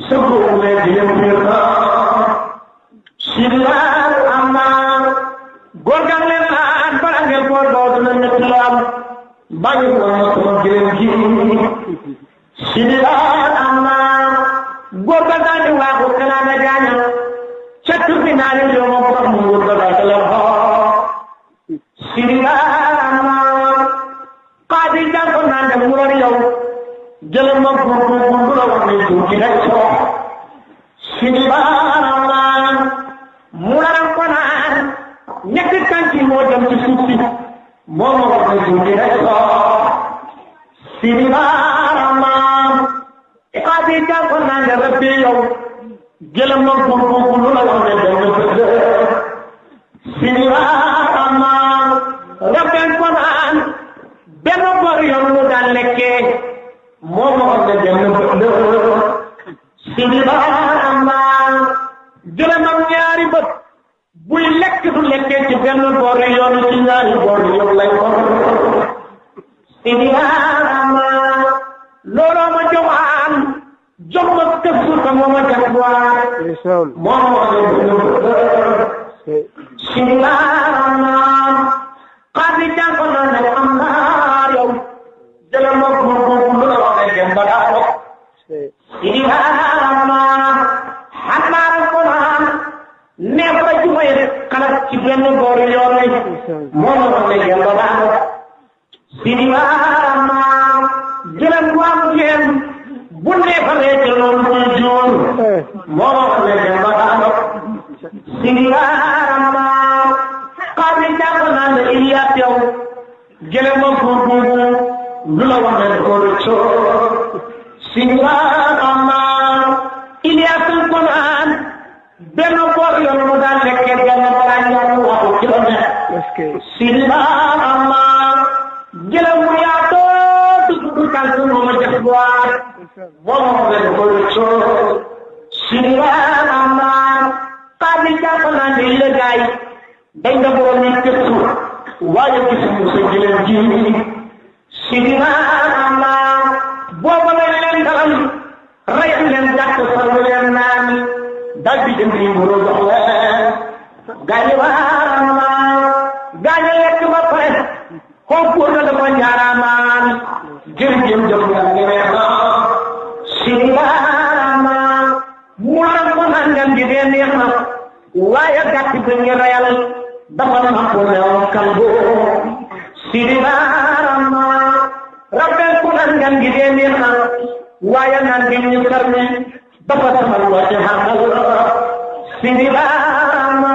sa góor ne bilan bi la si laal amaan góor gaa ngi leen naan bala ngeen góor doo dina nekk laal bàyyi waa sama bilan gi bi naa ne moom mu wóor ba daa la নুরানিয়াও গেলেন মন্ত্রী দুটি দেখছ সিনিবার মুরার কনার নেকি কাঞ্চি মোজমটি সুতি মমগর দুটি দেখছ সিনিবার একাদি যখন না রব্বিয়াও গেলেন মন্ত্রী সিনিবার রব্বেন কনার ব্যবহারিয়ন্ন জানলেকে মোহাম্মদের জন্য সুবিধার জনমানিয়ারিবত বুইলেকে বুইলেকে জীবন বরিয়ন চিনাই বরিয়ন লাই সুবিধার লরম জওয়ান জম্মত কসু সমম জাকওয়া মোহাম্মদের জন্য কাবিটা বললে আন্ধারো জল মগ মগ মগ রনে গেমবাড়ারো ইনি ভারামা হামার কোরআন নে বলে জুমে কালা চিবেন গরিও নে মন রনে গেমবাড়ারো ইনি ভারামা জলম ওয়াম গেম বুনে ভরে জলম জুন মন রনে গেমবাড়ারো ইনি ভারামা naan la il yaat yow gëlëm ma buubu lu la wax ne góor coor si ñaan amaan il yaatul ko naan benn boor yoon mu daan lekkee benn balaa ñaar mu waxu kilomètre si ñaan amaan gëlëm mu yaatoo dugg kàll moom a def waat moom a benn góor coor si ñaan amaan xaar bi jàpp naa ne la gaay dañ nga borom ni tëttu gis mu sa jëleen ji sidina ama booba la leen dalal rey leen jàkk sarlu leen naan dal di jënd yi mburu jox leen gaañu waama gaañu lekk ba pare xonkuur na dafa ñaaraamaan jërëjëf jëf nga ngemee ma sidina ama mu waram ko naan ngam ji dee neex na waaye gàtt bi ngi reyal dafa nampuloo kalbu sidi baarama rabbeen ku nan gan gi dee miin na waaye nan gi ñu karne dafa tamal wacce xaqal sidi baarama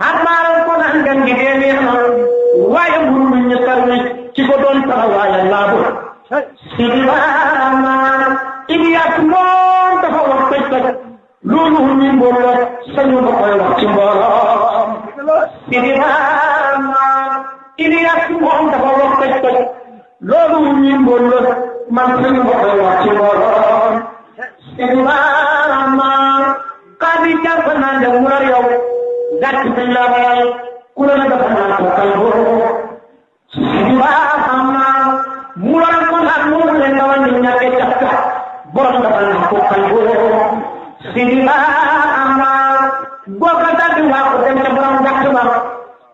xarmaaral ku nan gan gi dee miin na waaye mburu nu ñu karne ci ko doon tara waaye laabu sidi baarama igiyaat moom dafa wax tëj tëj loolu ñu sañu ba koy wax ci Ilias moom kami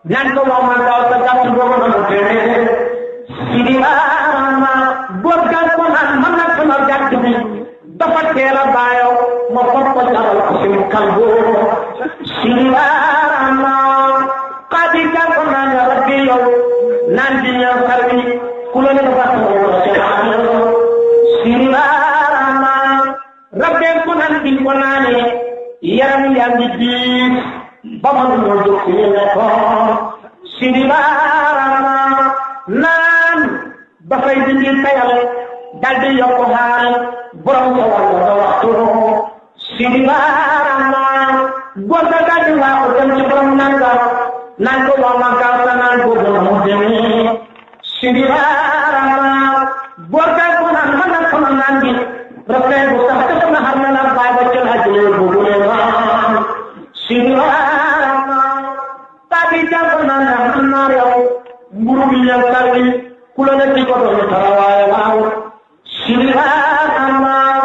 ñaata waa man daaw sa gàttu boobu noonu Sidi Arama góor gàttu naan man nag sama bi dafa teel ma foog ko jaral ko suñu kalbo Sidi Arama xaati gàttu naan rabbi yow di ñëw xar bi ku la babal mojjo ille ko sidibaarama naan ba fay dindi tayal daldi yokku xaal borom ya war nga waxtu sidibaarama góor ga daldi waaxu dem ci borom nanga naan ko waa mankaar sa naan ko borom mu demee sidibaarama kari jangan nanda benar ya guru yang kari kula nanti kau tuh terawai mau silakan amar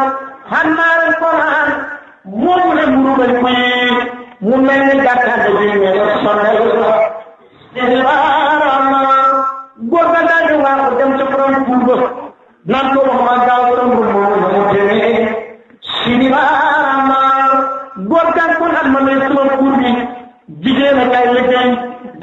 hamar koran mulai guru berkuih mulai kata jadi mereka sana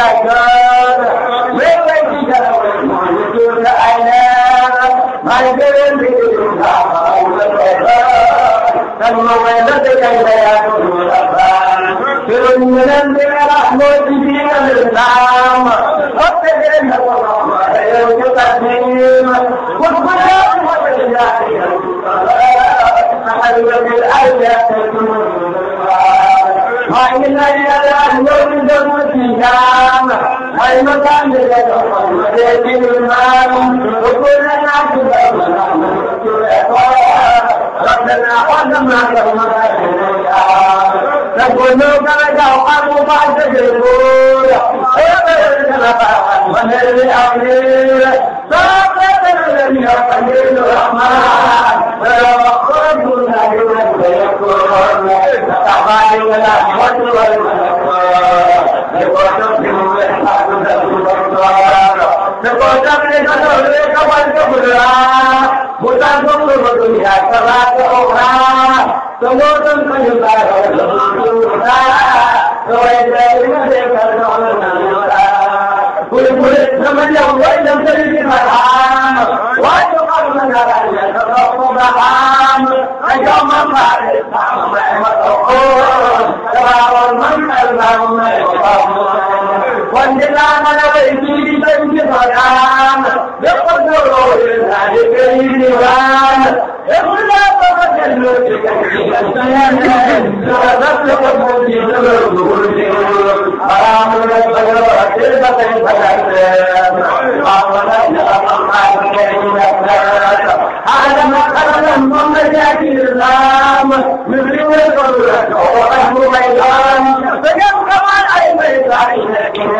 تكاد ويوجد الموجود أيام ما يجرم بدون ثم ويبدك البيان الأبان فمن من برحمة دين الإسلام واتبعنا الله يوم تقديم والقرآن والإله فحلوة الأيات ما إلا إلى الأهل والزمن الأيام المكملة لحمد الإمام وكل الناس ربنا حرمنا كما تقولوا كما توقعوا بعد الجبور ومن الأمير فقدر لم يقدر الرحمن ويوقفنا يوم فيكون فقال ولا حول ولا قوة Oh, وما ظلمنا المؤمن وظلمنا wanda na mana bai bibi san ji faran da kwadoro yin hali kai ne ran da kula ba wajen lokacin da sayan da zafi kwadoro ne da rubutun ne a ramun da tsagarwa a ce da kai fadar da a wadanda a mamaki kai da fadar هذا ما قرر محمد ياتي الاسلام من غير ضروره وقد ميدان فيبقى مع الايمان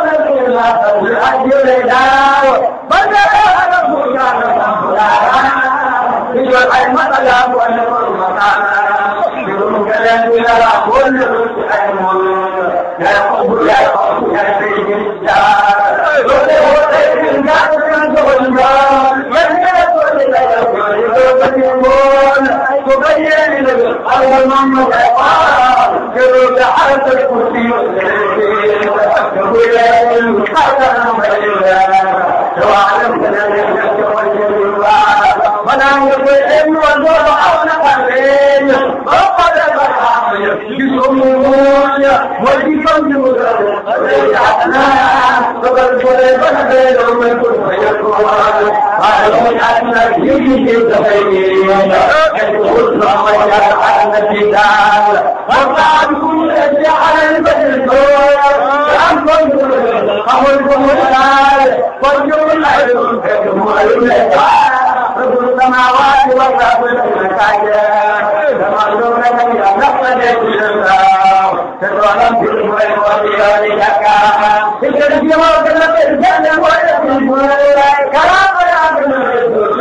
المثل الأجل داو بل له كان مثلا يجعل المثل هو المثل يقول كلام إلى كل لا يحب لا يحب لا يحب لا يحب لا يحب لا يحب تبين أول من العقاب جرد حتى الكرسي ولا ولا يطيع وزر عون قليل وقد بحر الأمور وجفا بمدرس قد جعلنا فقد قلبنا بينهم يكون ويكون قالوا أنك يجي الزبير الخلق ويجعلنا الجدال وقع بكل جعل البدر أمر الجمهور والجمهور العلم كجمهور الإسلام رب السماوات والأرض المساجد المعلومة إلى نقل الإنسان تظلم في الفرق وبيان شكاها تلك الجماعة التي الجنة ويكون كلام الأمر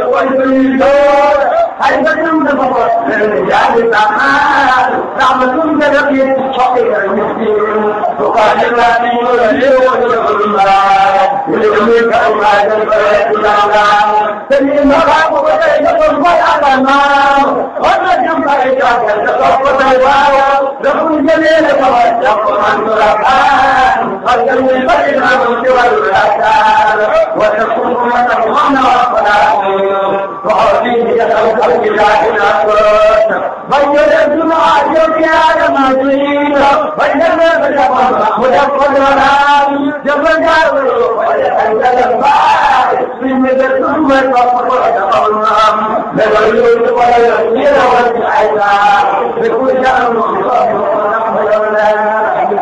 والجلدون البدن بالبطر رجال الأعمال نعمة بلقي فقير المسلمين وقال الذين يدعون الله ولعمرك أما ذنبك الأعلام وتكون من الرحمن والصلاة وعظيم يسألك بالله الأكبر من يدرس معه يوم مزيد وإنما بالأمر مدفن الآن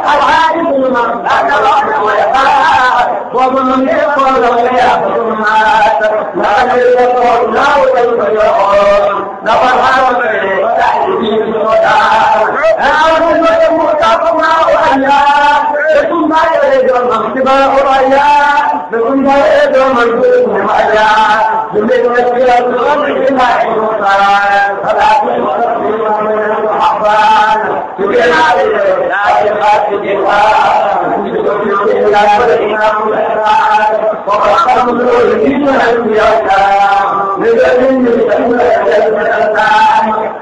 العارف المنبت والإخاء ومن يقول ويأخذ مات ما يقول لا يقول لقد هرب تحديد الهدى أعوذ بالمتقمع أن لا لكم ما يريد المغصب أريا لكم ما يريد المنزوب هدايا جملة مسجد الغرب بما يوصل فلا تنصر من الحفان تبين عليه لا يخاف وقد من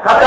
حتى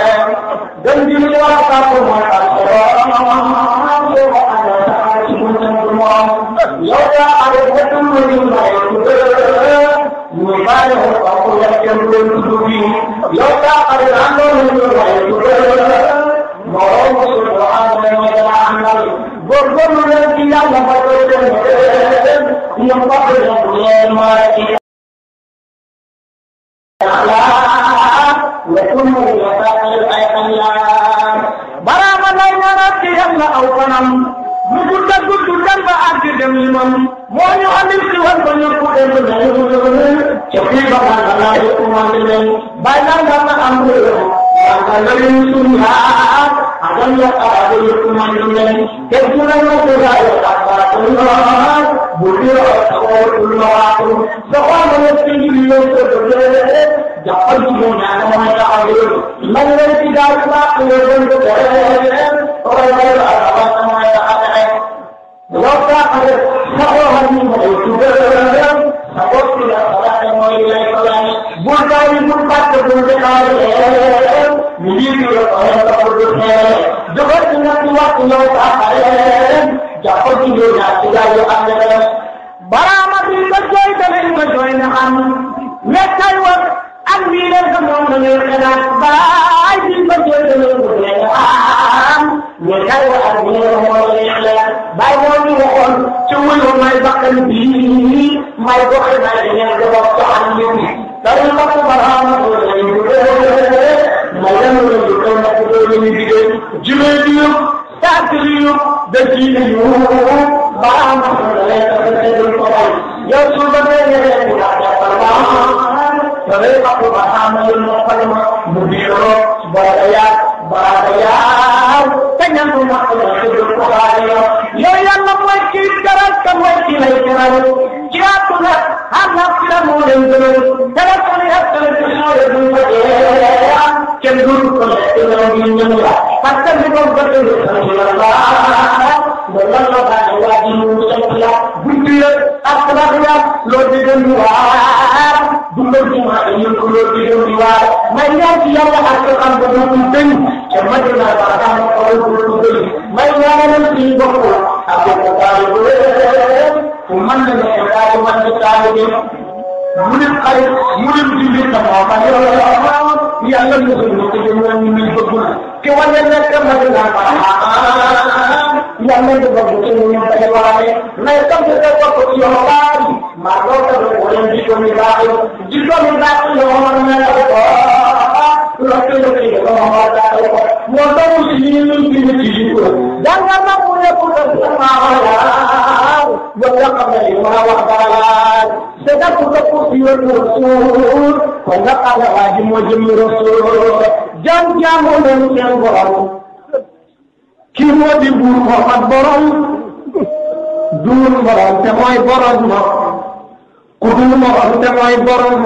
dan di luar kekuatan orang ada saat semua Yoga ada betul menimba Mulai aku yang cenderung tujuh Yoga ada anda menimba itu Mohon berdoa dan menjalankan Bergumul tidak memperlukan Yang pakai yang mati bara ma nay ñaanal ci yam na aw fanam lu dul dëgg dul dem ba àgg dem li moom moo ñu andil ci wan ba ñu ko dem na ñu ko ci fi ba ma na la ko ma ni len bay na nga na am ko ba ka na li sun ha adan ya ka ba yu ko ma ni len ke su na no ko ra ya ka ba ko na bu ri ra ko ko na ko so ko na ko ci li yo ko de எப்படியும் அவர்கள் நல்லடிக்கிறார்களா இவர்களுக்கு Barang masih berjoin dengan berjoin dengan Mereka ak nii leen ko moom la ñuy xalaat baay bi ba jël la ñu leen am ñu kay wa ak ñu leen moo lay xalaat baay moo ñu waxoon ci wuyu may bakkan bii may doxe naa di leen ko wax soxal ñu ni dañu ma ko baraama ko lay ma leen la ñu ko ma ko doon ñu di dee julee di yëpp saatiri yëpp da ci yu baraama ko lay ko ko yow su ba dee nga leen di wax Berikutu bahamayun mukalma Mubiru Barayat Barayat Kenyang rumah Kudutu kudutu yoyanna moy ci kamu ka moy ci lay karal ci atuna hanna fira mo len dul kala kali hatta ci sore dul ko ya ken dul ko ci no ni ñu la patta ni ko ko dul sallallahu sallallahu wa ya ya lo di gën wa dundal juma ñu ko lo di gën wa may ñaan ci yalla ak am bu ñu teñ ci madina ba ko ko Abdul தாலிப் உம்மன் எல்லாரு வந்து தாலிபின் முழுக்கரை முழுந்திருக்கமாக ni Allah ne zai mutu da ruwan mai bakuna ke wannan na kan magana ba ya nan da ba mutum ne ba da ba ne na kan da ba ko yo bari Motor muslimin bin jiwa. Dan karena punya putar kemahalan, wala kamari mawakan. Sedang putar putar rasul, wala kala lagi mujim rasul. Dan kamu yang borong. Kimo di buru Muhammad borong. Dur borong, temai borong ma. Kudu mau temai borong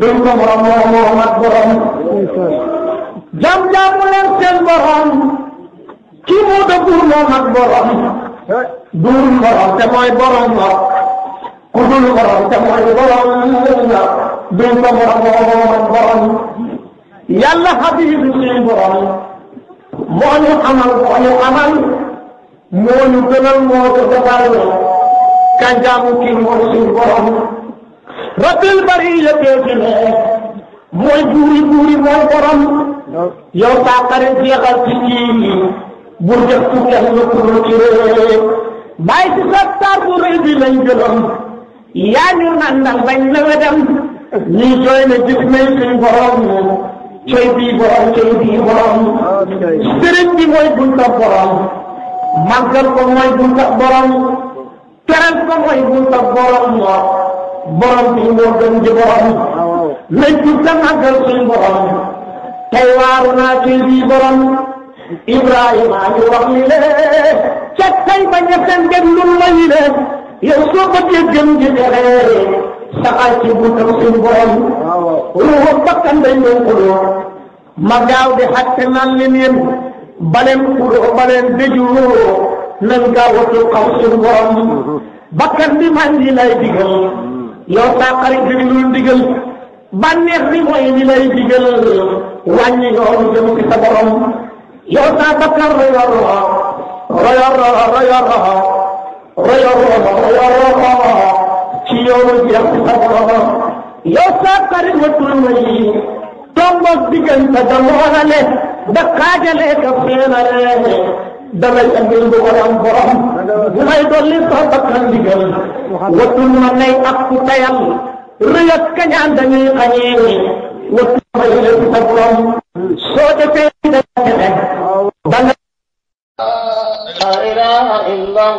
দুর্গম রম মোহাম্মদ গরম জমজা বলেন তেল গরম কি মধুপুর মোহাম্মদ গরম দূর গরম তেময় গরম কুদুল গরম তেময় গরম দুর্গম রম মোহাম্মদ গরম ইয়াল্লা হাবিব গরম মনে আমার মনে আমার মন উঠে মন হতে পারবে কাঞ্জামুখী মনসুর গরম rabbil bariyati ci moom mooy buuri buuri mooy borom yow saa xare jeexal ci kii bu def ku kenn ku lu ci réer bàyyi si bi lañ jëloon yaa ñu nandal bañ la wedam ñii na gis nañ suñ borom coy bii borom coy bii borom sëriñ bi mooy bunta borom màggal ko mooy bunta borom teral ko mooy bunta borom borom bi moo gën di borom nañ ci tàggal suñ borom naa ci lii borom Ibrahima ñu wax ni le ca tey ba ñetteel déglul ma yi le yow soo ko déggee di dexee saxal ci buntam suñ borom ruuxa bakkan dañ doon xuloo ma gaaw di xatte naan leen yéen baleen xuloo baleen déju ruuxoo nan gaaw a tuqaw suñ borom bakkan bi maa ngi lay digal yow sa xarit bi ñu digal bànneex bi mooy li lay digal wàññi nga woon jëm ci sa borom yow sa bakkar royor royor royor royor royor ci yow jëm ci sa borom yow sa xarit watul may tomboog diggante da moolale da xaajale ka feenale damay andil mbugalam borom bu may dolli sama bakkan digal wattu ma nay ak ku tayal rëy ak kañaan dañuy xañee wattu ma borom da la ilaha allah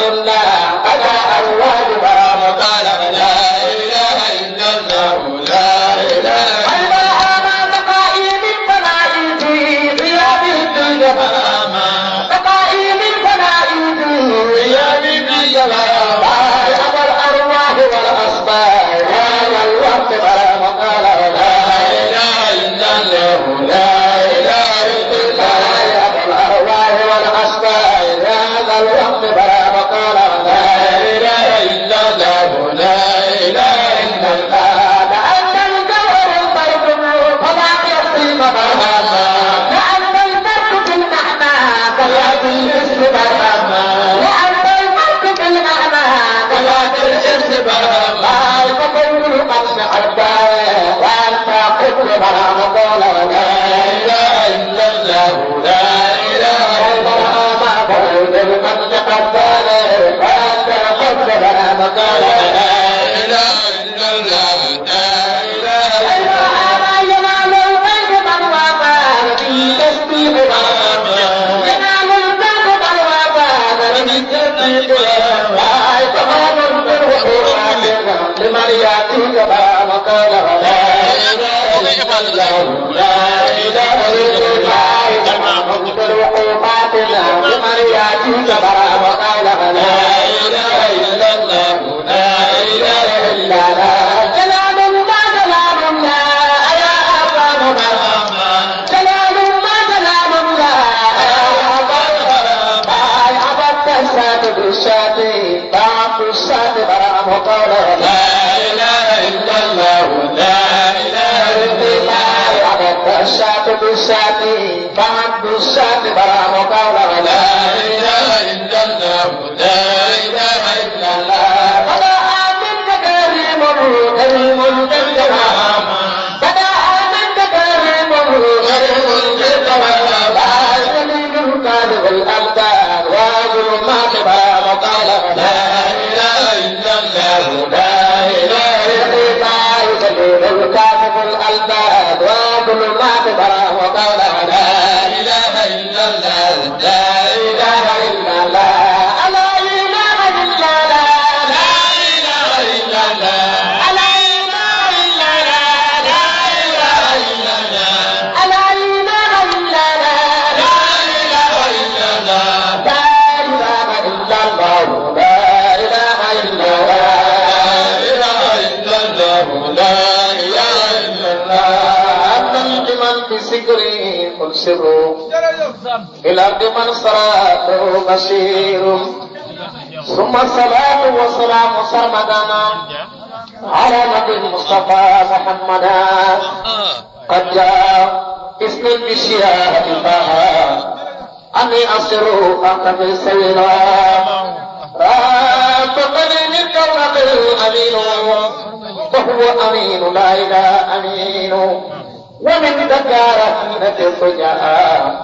Rasulullah لهم لا إله إلا الله كما قلت الوقوفات لمن يأتيك برا لا إله إلا الله لا إله إلا الله مبصر بالعبد من صلاته بشير ثم الصلاة والسلام سرمدنا على نبي المصطفى محمدا قد جاء اسم المشياء البهاء أني أصر أقبل سيرا رافقني منك الأمين وهو أمين لا إله أمين ومن ذكى ركينة السجاء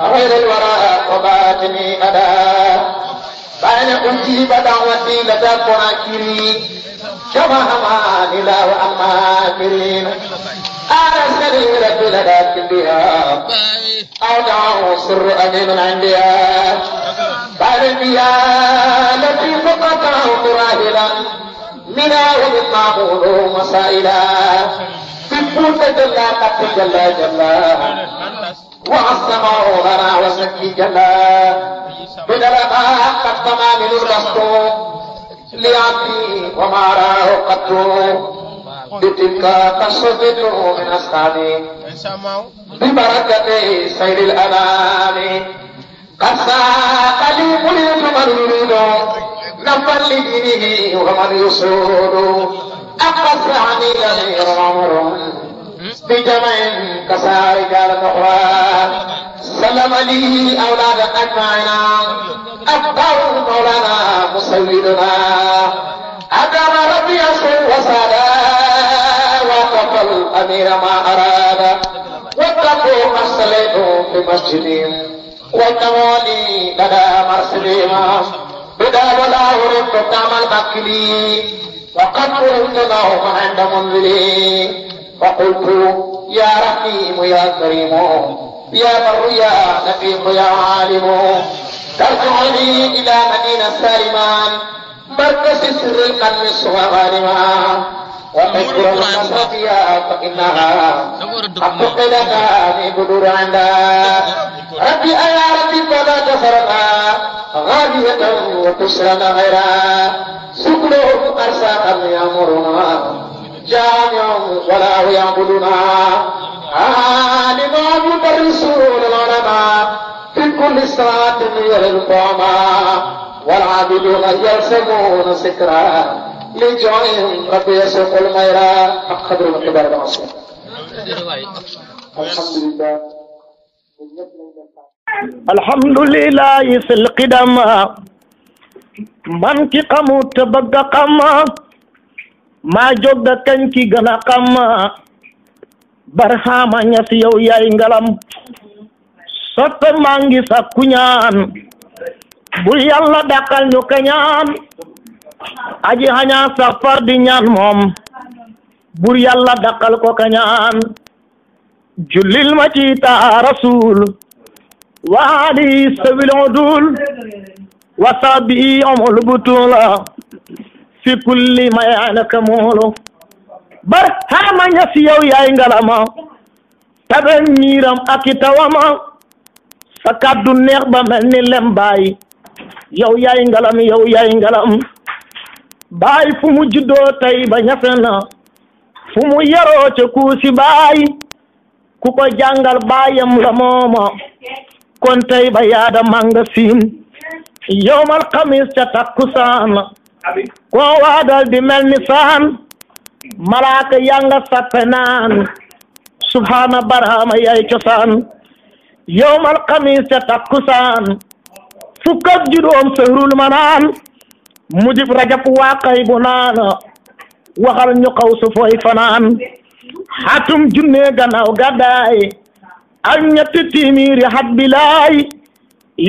غير الوراء وباتني أدا بأن أجيب دعوتي لدى قراكري شبه كما همان اما كريم أنا سرير في لدى كبيرا أو دعوه سر أمين عندي بل بيا التي فقط قراهلا منا وبالطاقود مسائلا يسبون جلا قد جلا جلا والسماء لنا وسكي جلا من الأماء قد من الرسط لعبدي وما راه قد بتلك قصدته من أصحابي ببركة سير الأنام قد ساق لي قلت من يريد نبا لدينه ومن يسود أقص عن الذي عمر بجمع كسار قال الأخرى سلم لي أولاد أجمعنا أكبر مولانا مسيدنا أدام ربي أصول وسادا وقف الأمير ما أراد واتقوا ما صليتوا في مسجدهم وكمولي لدى مرسلهم بدأ ولا أردت تعمل مكلي فقد قلت اللهم عند منزلي فقلت يا رحيم يا كريم يا بر يا نفيق يا عالم ترجعني إلى مدينة سالما مركز سر القلب الصغار وتشكر النعمة فيها فإنها حقق لنا بدور عندها ربي أيا ربي فلا تسرنا غالية وتسرنا غيرها سكنهم أرساقا يأمرنا جامع ولا يعبدنا عالم المدرسون العلماء في كل صلاة يلقاما والعابدون يرسمون سكرا لجوعهم رب يسوق الميرا حق قدر وكبار العصر الحمد لله الحمد لله في القدم man ki ngalam soppe maa ngi sakku ñaan aji xañaa safar di moom bur yàlla daqal ko ka jullil ma ci taa rasul waali sabil udul wasabi omul butula fi kulli mayanaka moolo bar hama ñasi yow yaay ngalama tabe ñiiram aki tawama sa kàddu neex ba mel ni lem baay ngalam yow yaay ngalam baay fu mu juddoo tey ba ñafe na fu mu yaroo ca kuusi baay ku ko jàngal baayam la mooma kon tey ba yaada manga siin yowmal xamis ca takkusaan koo waadal di mel ni saan malaaka yanga sappe naan subhaana barama yay cosaan yowmal xamis ca takkusaan fukk ak juróom sahrul manaan mujib rajab waaqay bu naana waxal ñu xaw fooy fanaan xatum junne gannaaw gàddaay ak ñetti tiimiiri xat bilaay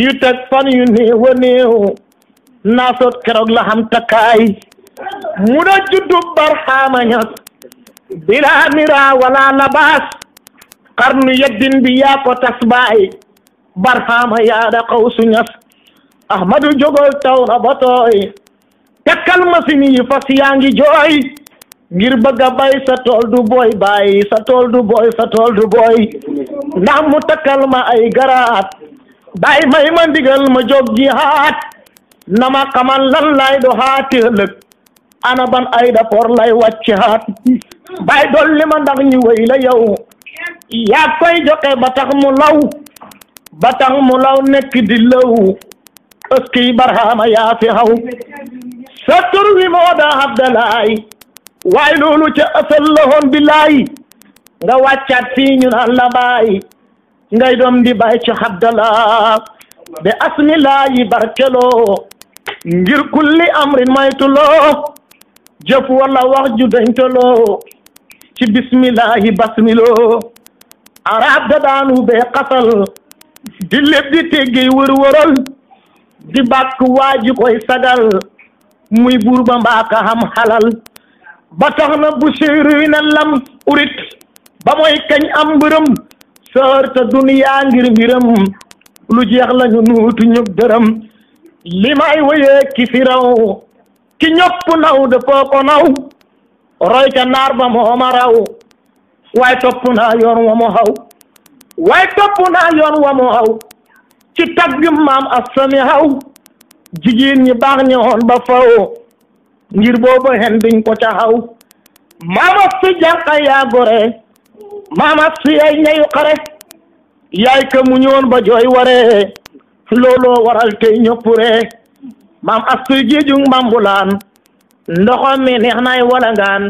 yu teg fan yu néew a néew keroog la takkaay mu da juddu barxaama ñas bilaa mira wala labaas xarnu yeddin bi yaa ko tas baay barxaama yaada xaw ñas ahmadu jogol taw na ba takkal masini yi fas yaa ngi jooy ngir bëgg a bay sa tool du booy bàyyi sa tool du booy sa tool booy ndax mu takkal ma ay garaat bàyyi may ma ndigal ma jóg jihaat na ma xamal lan lay do xaati ëllëg ana ban ay dapoor lay wàcc haat bàyyi dolli ma ndax ñu wéy la yaa koy joxe ba tax mu law ba tax mu law nekk di law ëski barxaama yaa fi xaw sattor wimo oɗa haɓda laayi waylulu ce asallo hon bi laayi nga waccat fiñun allah ɓaayi ngay ɗom ndi ɓay ce haɓdalaa ɓe asmi laayi barkelo ngir kulli amrin maytulo jëf walla wax ju dañtolo ci bismillahi basmilo araab daɗaanu ɓe kasal di lebdi teggi wër wëral di bakk waaji koy sagal muy buur ba mbaaka xam xalal ba tax na bu na lam urit ba mooy kañ am mbërëm sër te duniyaa ngir mbiram lu jeex lañu nuutu ñub dërëm li may wéyee ki firaw naw de pooko naw roy ca ba mooma raw topp naa yoon wa mu xaw waaye topp naa yoon wa mu xaw ci tag bi maam asami jigéen ñi baax ñëwoon ba faw ngir boobu hen duñ ko taxaw maama si jànqa yaa gore maama si ay ñayu xare yaay ka mu ñëwoon ba joy waree looloo waral tey ñëppuree maam astu géejung mbambulaan ndoxom mi neex walangaan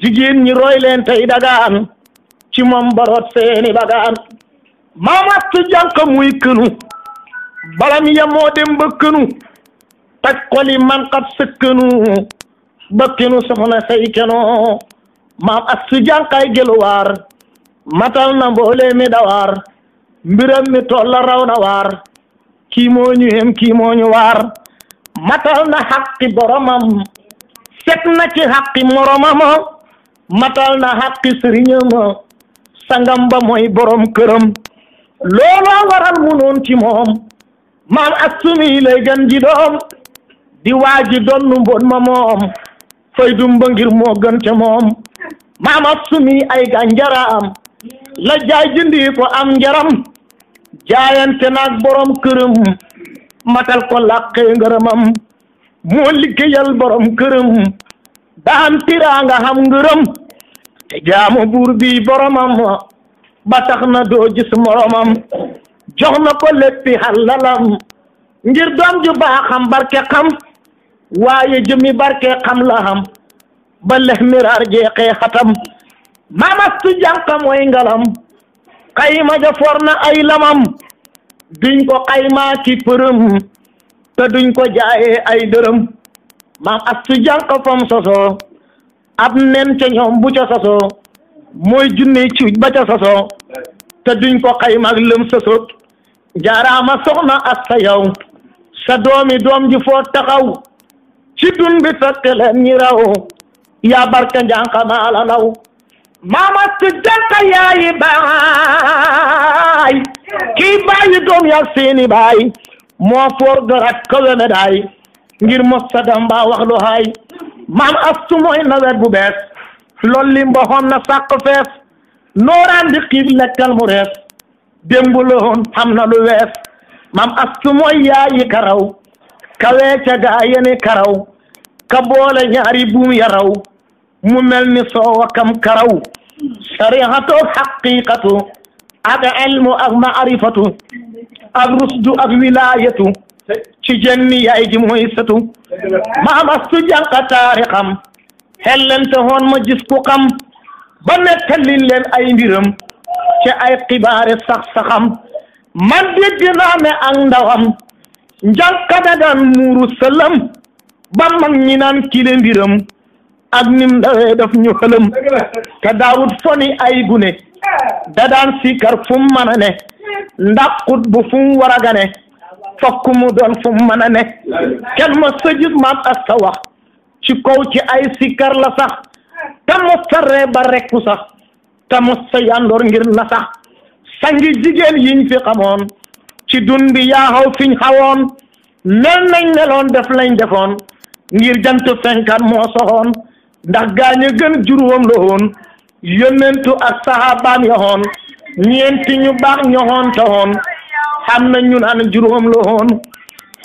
jigéen ñi roy tey dagaan ci moom baroot seeni bagaan maam astu jànqa muy kënu balam ya moo dem ba kënu taj man xat sëkkënu ba soxna say kenoo maam as su jànqaay gëluwaar matal na mboolee mi dawaar mbiram mi tolla raw na waar kii moo ñu hem kii matal na xaqi boromam set na ci xaqi matal na xaqi sëriñama sangam ba borom këram looloo waral mu noon ci moom maam astumi lay gan ji doom di waaji doon nu mbon ma moom fay du mbëngir moo ca moom maam astumi ay ga la jaay jëndi ko am njaram jaayante naag borom këram matal ko làqee ngërëmam moo liggéeyal borom këram daan tiraanga xam ngërëm te buur bi boromam ba tax na doo gis moromam jox na ko léppi halalam ngir doom ju baaxam barke xam waaye jëmi barke xam la xam ba lex miraar jeexee xatam mamastu jànqa mooy ngalam xayma ja for na ay lamam duñ ko xaymaa ki përëm te duñ ko jaayee ay dërëm maam astu jànqa fam soso ab nen ca ñoom soso mooy junni cuuj ba ca soso te duñ ko xaymaak lëm sosoot jaaraama soxna asta yow sa doomi doom ji foo taxaw ci dun bi takke leen ñi raw barka njànka maa naw maama si jànka yaayi baay kii baayi doom yaa baay moo foor garat kawe médaay ngir mos damba wax lu haay maam astu mooy nawet bu bees lool li mboxoom na sàq fees nooraan di lekkal mu rees démb la woon na lu wees mam astu mooy yaayi karaw kawee ca gaa karaw ka boole ñaari buum yaraw mu mel ni soowa kam karaw sarihatu xaqiqatu ak ilmu ak maarifatu ak rusdu ak wilayatu ci jenni yaay ji mooy satu mam astu jànqa taarixam xellente hoon ma gis ku ba nettalin leen ay mbiram ci ay xibaari sax-saxam man dégg naa ne ak ndawam njànkada daan muuru sëlam ba mag ñi naan kile mbiram nim ndawee daf ñu xëlam te daawut foni ay gune da sikar fu mu mën a ne ndaxut bu fu mu war doon fu mu mën a ne kenn ma sëjit maam asta wax ci kaw ci ay sikar la sax te mu sarree ba rekku sax te mos sa yandoor ngir na sangi jigéen yiñ fi xamoon ci dun bi yaaxaw fiñ xawoon mel nañ meloon def lañ defoon ngir jant fenkan moo soxoon ndax gaañu gën juróom la woon yónnentu ak saxaabaam yoxoon ñeenti ñu baax ñoxoon taxoon xam na ñu naan juróom la woon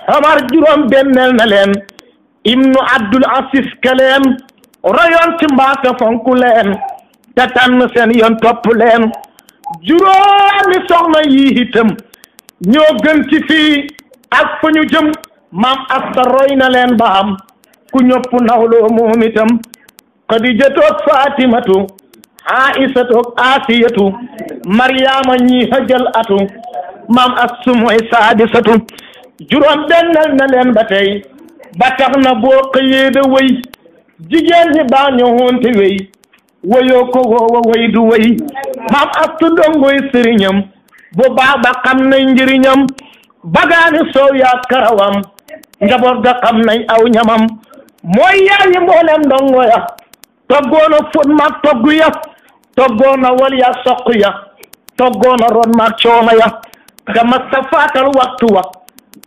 xamar juróom benneel na leen ibnu abdul asis keleem rayoon ci mbaaka fonku leen te tànn seen yoon topp leen juróomi soxna yi itam ñoo gën ci fii ak fu ñu jëm maam asta roy na leen ba am ku ñëpp nawloo moom itam xadijatoog fatimatu aisatoog asiyatu mariama ñi hëjal atu maam astu mooy saadisatu juróom bennal na leen ba tey ba tax na boo xëyee da jigéen ñi baa ñëwoon te wéy wayoo ko woowa way way maam astu dongoy sëriñam bu baax ba xam nañ njëriñam bagaani soow yaa karawam njaboot ga xam nañ aw ñamam mooy yaayi mboolem ndongo ya toggoona fóot maag togg ya toggoona wal ya soq ya toggoona ron maag coono ya dama safaatal waxtu wa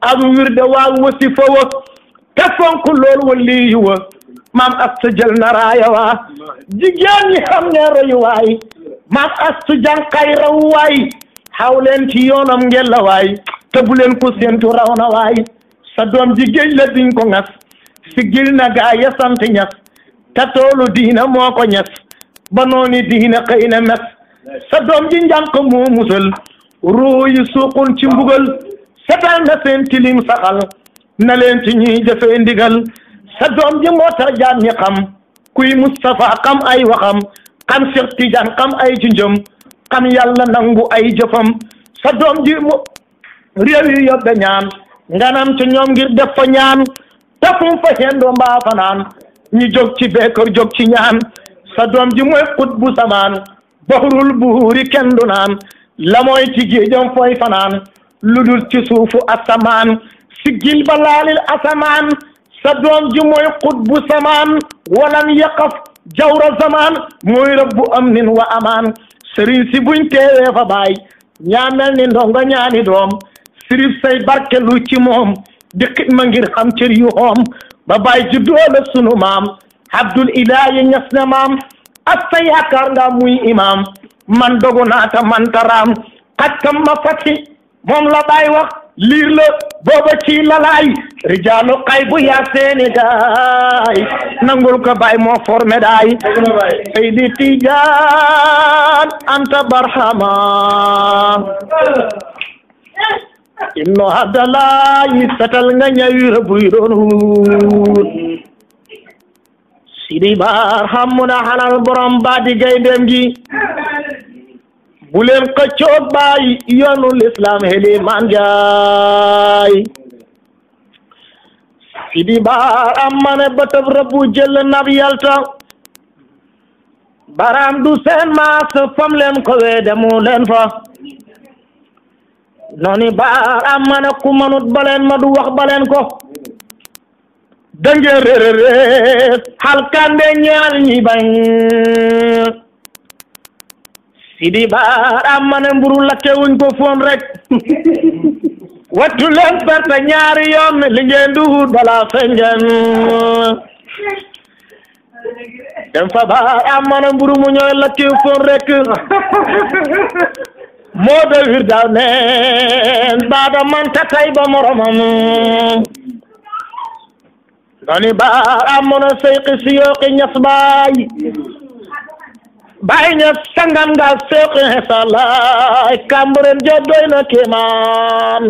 ak wir de wasifa wa te fonk lool wa maam astu jël na raayawaa jigéen ñi xam ne royuwaay maam astu jànqay rawuwaay xaw leen ci yoonam ngelawaay te bu leen ko séentu raw na waay sa doom ji géej la diñ ko ŋas siggil na gaa ya sant ñas te toolu diina moo ko ñas ba nooni diina xëy na mes sa doom ji njànk moo musal ruu yi ci mbugal setal na seen tilim saxal na leen ci ñuy jëfee ndigal sa doom ji moo tax jaam ñi xam kuy Moustapha xam ay waxam xam Cheikh Tidiane xam ay junjëm xam yàlla nangu ay jëfam sa doom ji mu réew yu yóbbe ñaan nganam ci ñoom ngir deffo fa ñaan tafum fa xendoo mbaa fanaan ñi jóg ci beekër ci ñaan sa doom ji mooy xut bu samaan baxrul buuri kenn du naan la ci géejam fooy fanaan lu dul ci suufu asamaan siggil ba laalil asamaan sa doom ji mooy xutbu samaan walan yaqaf jawra zamaan mooy rabbu amnin wa amaan sëriñ si buñ teewee fa baay ñaamel ni ndongo ñaani doom sirif say barkelu ci moom di xidma ngir xam cër yu xoom ba baay ji doole sunu maam abdul ilaahi ñas na maam asta yaakaar nga muy imaam man dogu naata mantaraam xaj ma fati moom la baay wax liir la booba ci lalaay rijaalu xay bu yaa gaay nangul ko baay moo formé daay Seydi Tijaan anta barhama inno haddalaay setal nga ñawira buy doon Sidi barham mu na xalal borom baadi gayndeem gi bu leen xëccoog bàyyi yoonu lislaam heli maam jaay sidi baar amma ne bëtëb rëbbu jël nab yalta baram du seen maas fam leen ko weede mu leen fa nooni baar amma ne ku manut baleen ma du wax baleen ko dënge réeréer halkande ñaar ñi bañ sidi baaraam ma ne mburu lakke wuñ ko foon rek wattu leen berte ñaari yoon li ngeen du dala sengeen dem fa baaraam ma ne mburu mu ñooy lakke foon rek moo de wir daw neen baada man tatay ba moromam noni baaraam ma ne seyqi siyooqi ñas baay Baay Ñas sangam nga seexee sa laay kamburen jo doy na kéemaan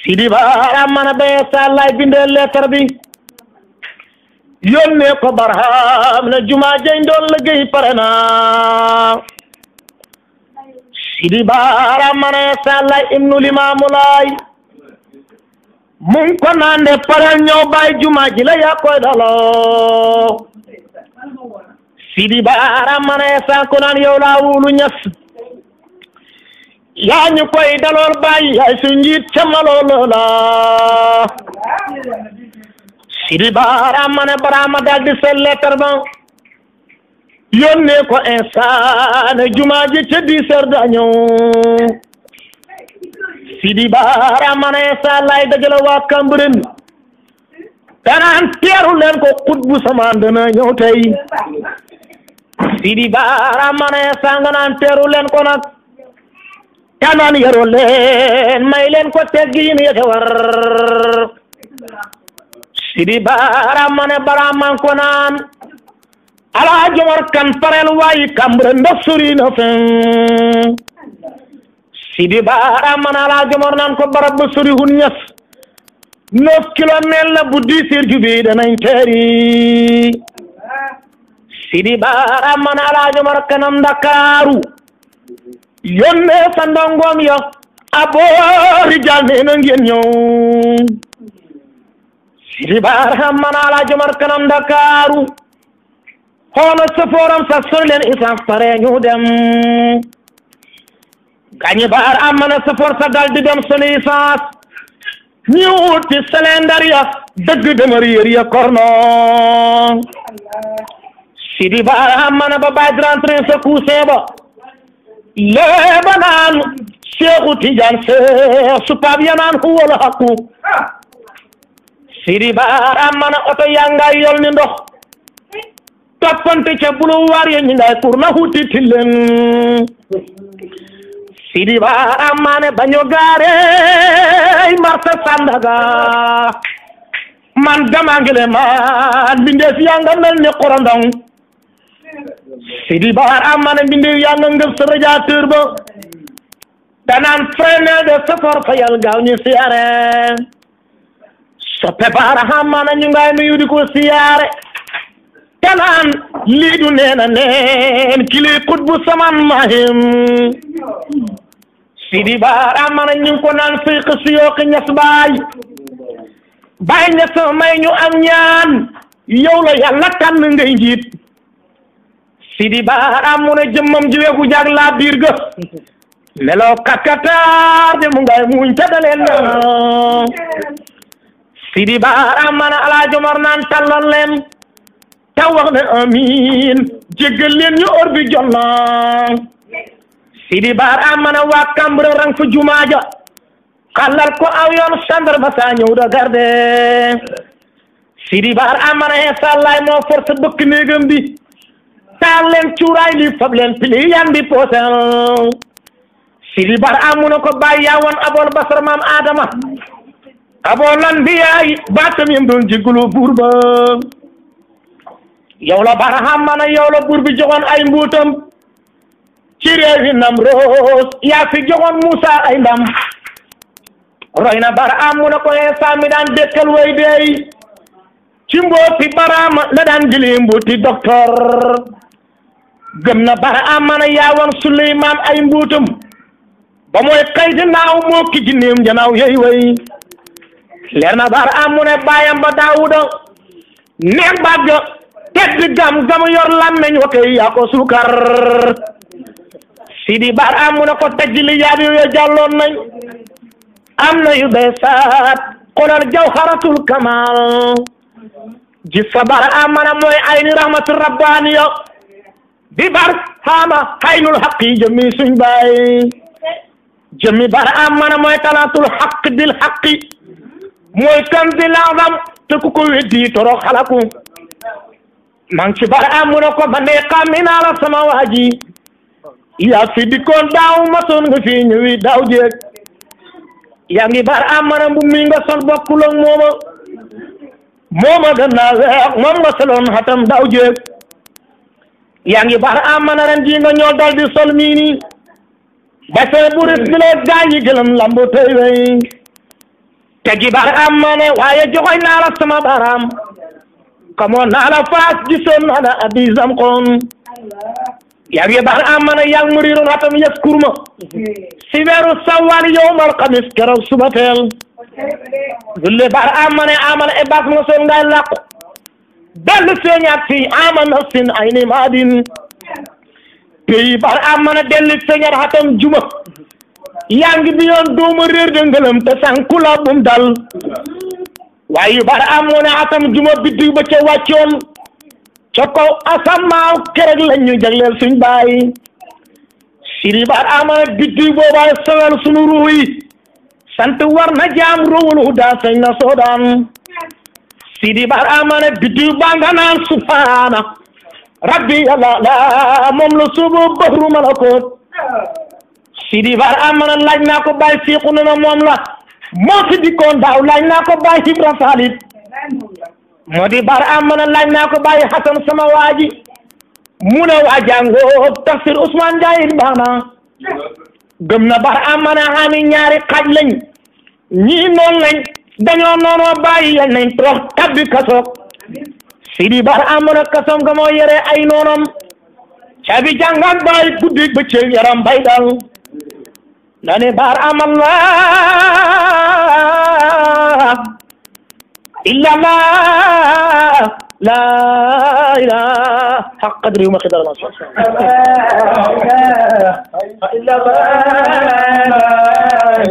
Sidi Baara mana bee sa laay bindee leetar bi yónnee ko Barham ne jumaa jeñ doon liggéey pare na Sidi Baara mana sa laay ibnu Limaamu Laay mun ko naan de pare ñëw baay jumaa ji la yaa koy daloo sidi baara mana e sànku naan yow laa wóolu ñas yaa ñu koy dalool bàyyi yaay su njiit ca maloo la sidi baara mana baraama daal di seen lettre ba yónnee ko insaan jumaa ji ca dix heures daa ñëw sidi baara mana insaan dajale waa Cambérène danaan teeru leen ko xutbu sama dana ñëw tey Sidi Baara ma ne sang naan teeru leen ko nag yaa naan yaroo leen may leen ko teggin ya ca war Sidi Baara ma ne Baara man ko naan Alaaji Omar Kan pareel waayi kambre ndax sori na fen Sidi Baara ma ne Alaaji Omar naan ko barab ba sori hun ñas neuf kilomètres la bu diisir jubi danañ teeri sidi baara man alaaji Omar kanam Ndakaaru yónnee sa ndongoom yo aboori jàll nee na ngeen ñëw sidi baara man alaaji Omar kanam Ndakaaru xoola sëfooram sa sori leen isaas pare ñu dem gañi baara am na sa dal di dem soli isaas ñi wuti selendar ya dëgg demar yër ya korno sidi ba alhammana ba bay trente-trois sa cousin ba léeba naan Seexu Tijaan Seex supaab ya naan huwal hakku sidi ba alhammana oto yangay yol ni ndox toppante ca bulu war ya ngay kurna hutti tillen sidi ba alhammane baño gaare marta Sandaga man dama ngele man bindeef yanga mel ni korondong Sidi Bahar Amane mbindew yàlla na ngëb sa radiateur ba danaan freiner de safar fa yàlla gaaw ñu siyaare soppe Bahar Amane ñu ngay nuyu di ko siyaare tanaan lii du neena neen kili qutbu saman mahim Sidi Bahar Amane ñu ko naan sëyq siyooqi ñas baay baay ñas may ñu am ñaan yow la yàlla tànn ngay njiit sidi baaraam mu ne jëmmam ji wegu jag laa biir ga melo kakkataar de mu ngay muñ ta daleen len sidi baaraam mana alaa jomor naan tallal leen taw wax ne amin leen ñu or bi jot na sidi baaraam mana waa kambra rang fa jumaaja xalal ko aw yoon sandar ba saa ñëw da garde sidi baaraam mana hee sallay moo force bëkk néegam bi taal leen cuuraay li fab leen pili yambi poosen sidi bar amu na ko bàyyi yaa woon abool basar maam aadama abool anbiyaay baatam yam doon jégalu buur ba yow la baraham mana yow la buur bi joxoon ay mbuutam ci réewi nam roos yaa fi joxoon ay ndam roy na baraam mu na ko Iisaa mi daan dekkal way dey ci mbooti baraam la daan jëli mbuuti docteur gëm na bara amana yaawan suleymaan ay mbuutum ba mooy kayti naaw moo ki jinneem janaaw yey way leer na bara am mu ne baayam ba daawuda neen baat ga tedd gam gam yor làmmeñ wa kay yaa ko suukar sidi bara am mu ne ko tajjili yaab yooyu jàlloon nañ am na yu beesaat xoolal jawharatul kamal gis fa bara amana mooy ay ni rahmatu rabbaaniya bi bar xaama xaynul xaq yi suñ baay jëmmi bar am mana mooy talaatul xaq bil xaqi mooy kan di laazam te ku ko weddi toro xalaku man ci bar am mu ne ba ne xammi naa la sama yaa fi dikkoon daaw ma son nga fii ñëwi daaw jeeg yaa bar am mana mbu nga sol bokkul ak mooma mooma gannaa weex moom nga soloon xatam daaw jeeg yaa ngi baax a ah, mën nga ñoo dal di sol mii nii basee bu ris bi la gaa tey wey te gi baax a mën a waaye joxoñ naa la sama baaraam kamoo naa la faas gisoon naa la abisam kon yaa ngi baax a mën a yàgg mu riiroon kurma si weeru sawal yowmal xamis keroog suba teel julli baax a mën a amal ngay làqu dellu feeñaat fii ama nafsin ay ni maadin pays bar am mën a dellu feeñaat xatam juma yaa ngi bi yoon dooma réer de ngëlam te sànku la bum dal waaye bar am mu ne juma biddiw ba ca wàccoon ca kaw asamaaw kereg lañ ñu jagleel suñ baay siri bar am mën a biddiw boobaa sunu ruuy sant war na jaam rowul hu daa sañ na soodaan sidi baramane biddiw baa nga naan subhaana rabbi yàlla la moom la suubu bahru malakoot sidi baramane laaj naa ko baay fiiqu ne na moom la moo fi dikkoon daaw laaj naa ko baay hibra falit moo di baramane laaj naa ko baay hasan sama waaji mu ne waa tafsir Ousmane Ndiaye baax na gëm na baramane xaami ñaari xaaj lañ ñii noonu dañoo noonoo bàyyi yal nañ torox tabbi kasoog Sidi Bara amoon na kasoom nga moo ay noonam caabi jàngaan bàyyi guddi bëccëg yaram bay dal na ne Bara amal la illallah la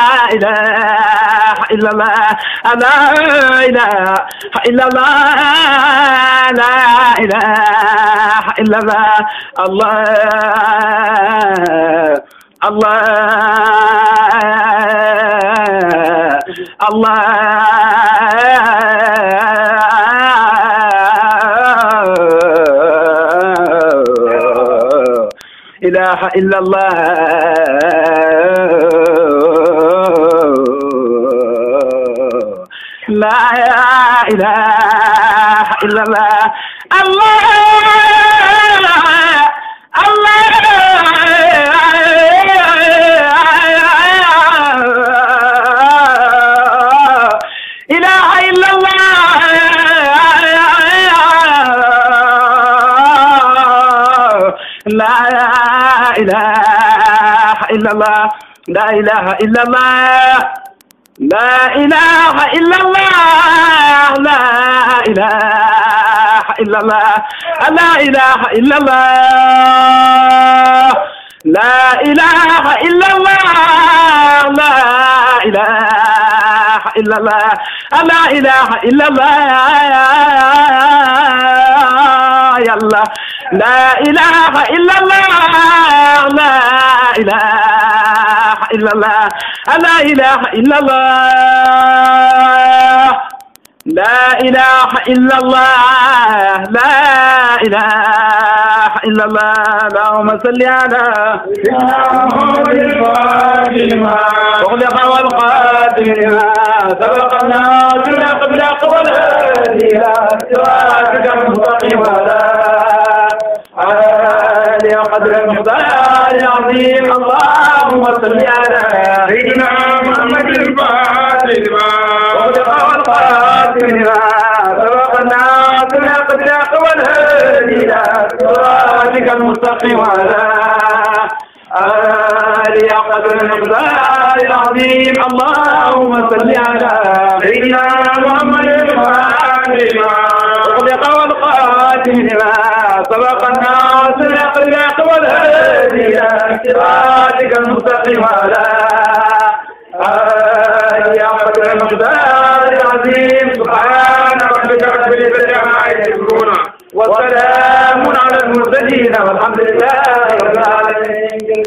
إله إلا الله لا إله إلا الله لا إله إلا الله الله الله الله إله إلا الله لا إله إلا الله الله الله إله إلا الله لا إله إلا الله لا إله إلا الله لا إله إلا الله لا إله إلا الله لا إله إلا الله لا إله إلا الله لا إله إلا الله لا إله إلا الله يا الله لا إله إلا الله لا إله إلا الله لا إله إلا الله لا إله إلا الله لا إله إلا الله اللهم صل على محمد الفاتحة أغلق والقادمة سبقنا كنا قبل قبل سراجك المستقيم قدر المختار العظيم اللهم صل على سيدنا محمد الفاتح لما وخلق والقاسم سبق الناس من قدرك والهدي الى صراطك المستقيم وعلى آل يا قدر المقدار العظيم اللهم صل على سيدنا محمد الفاتح لما وخلق والقاسم سبق الناس الأخلاق والهدي إلى صراطك المستقيم على آه، يا عبد المقدار العظيم سبحان ربك رب العباد يذكرون وسلام على المرسلين والحمد لله رب العالمين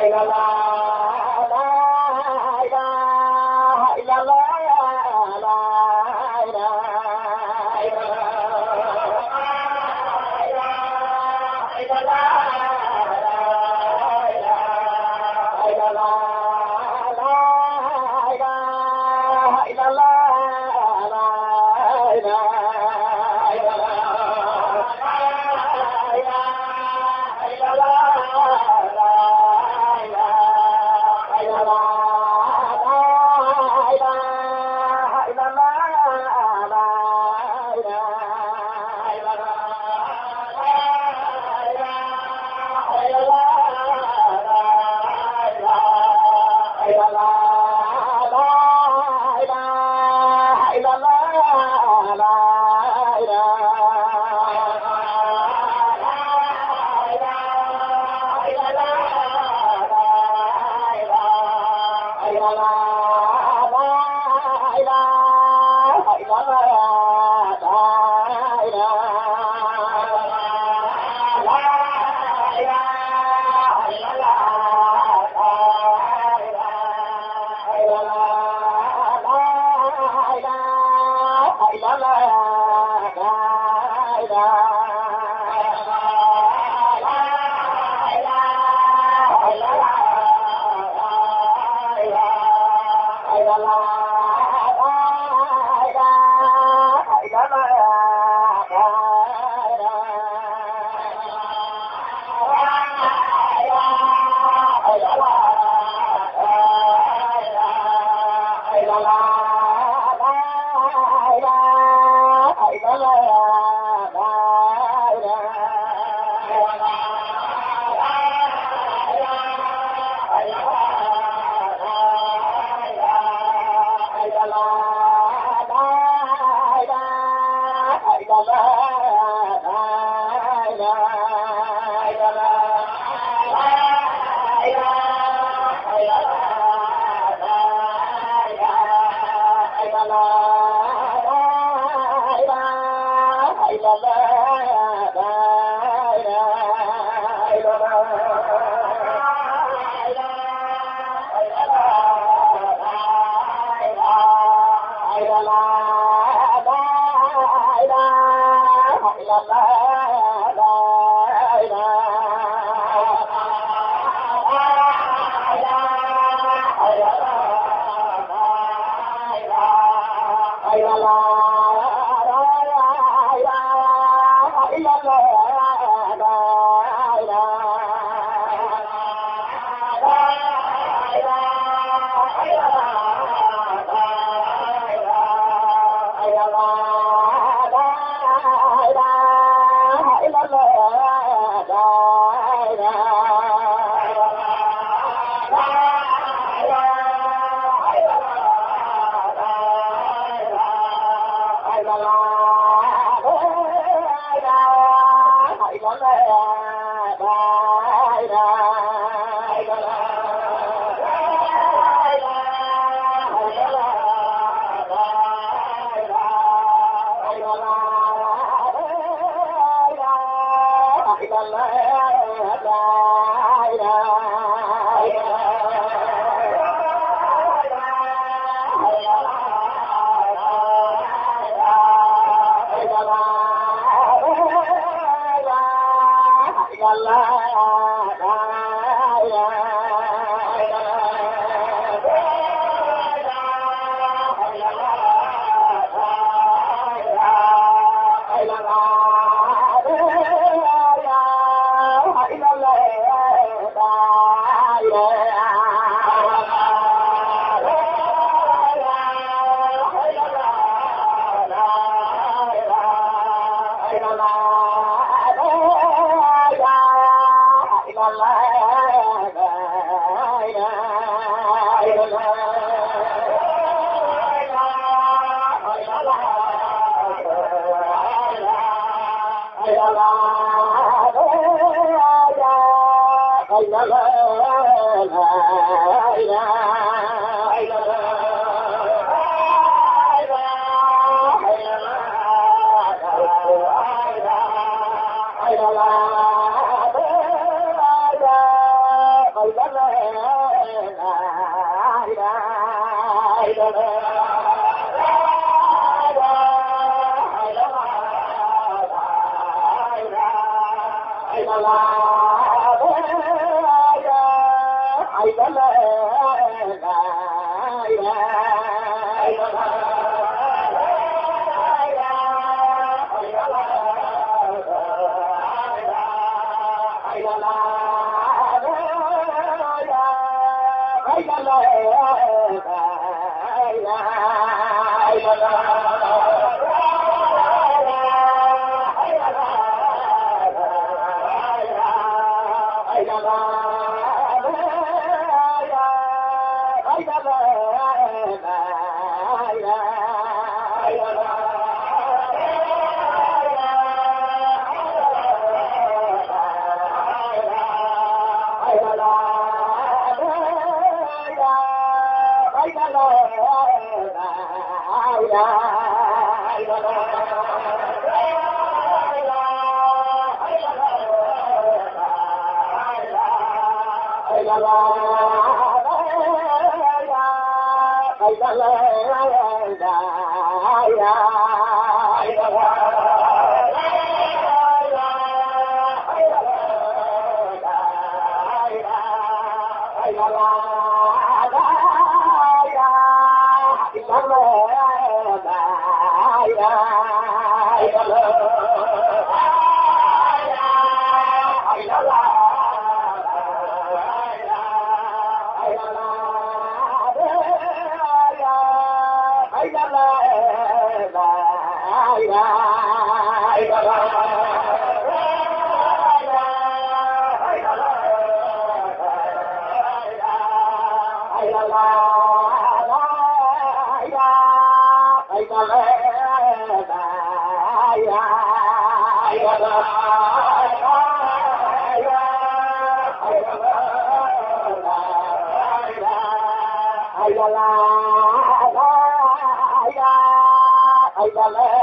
拜啦。la la la la Ayala, ayala, ayala, ayala.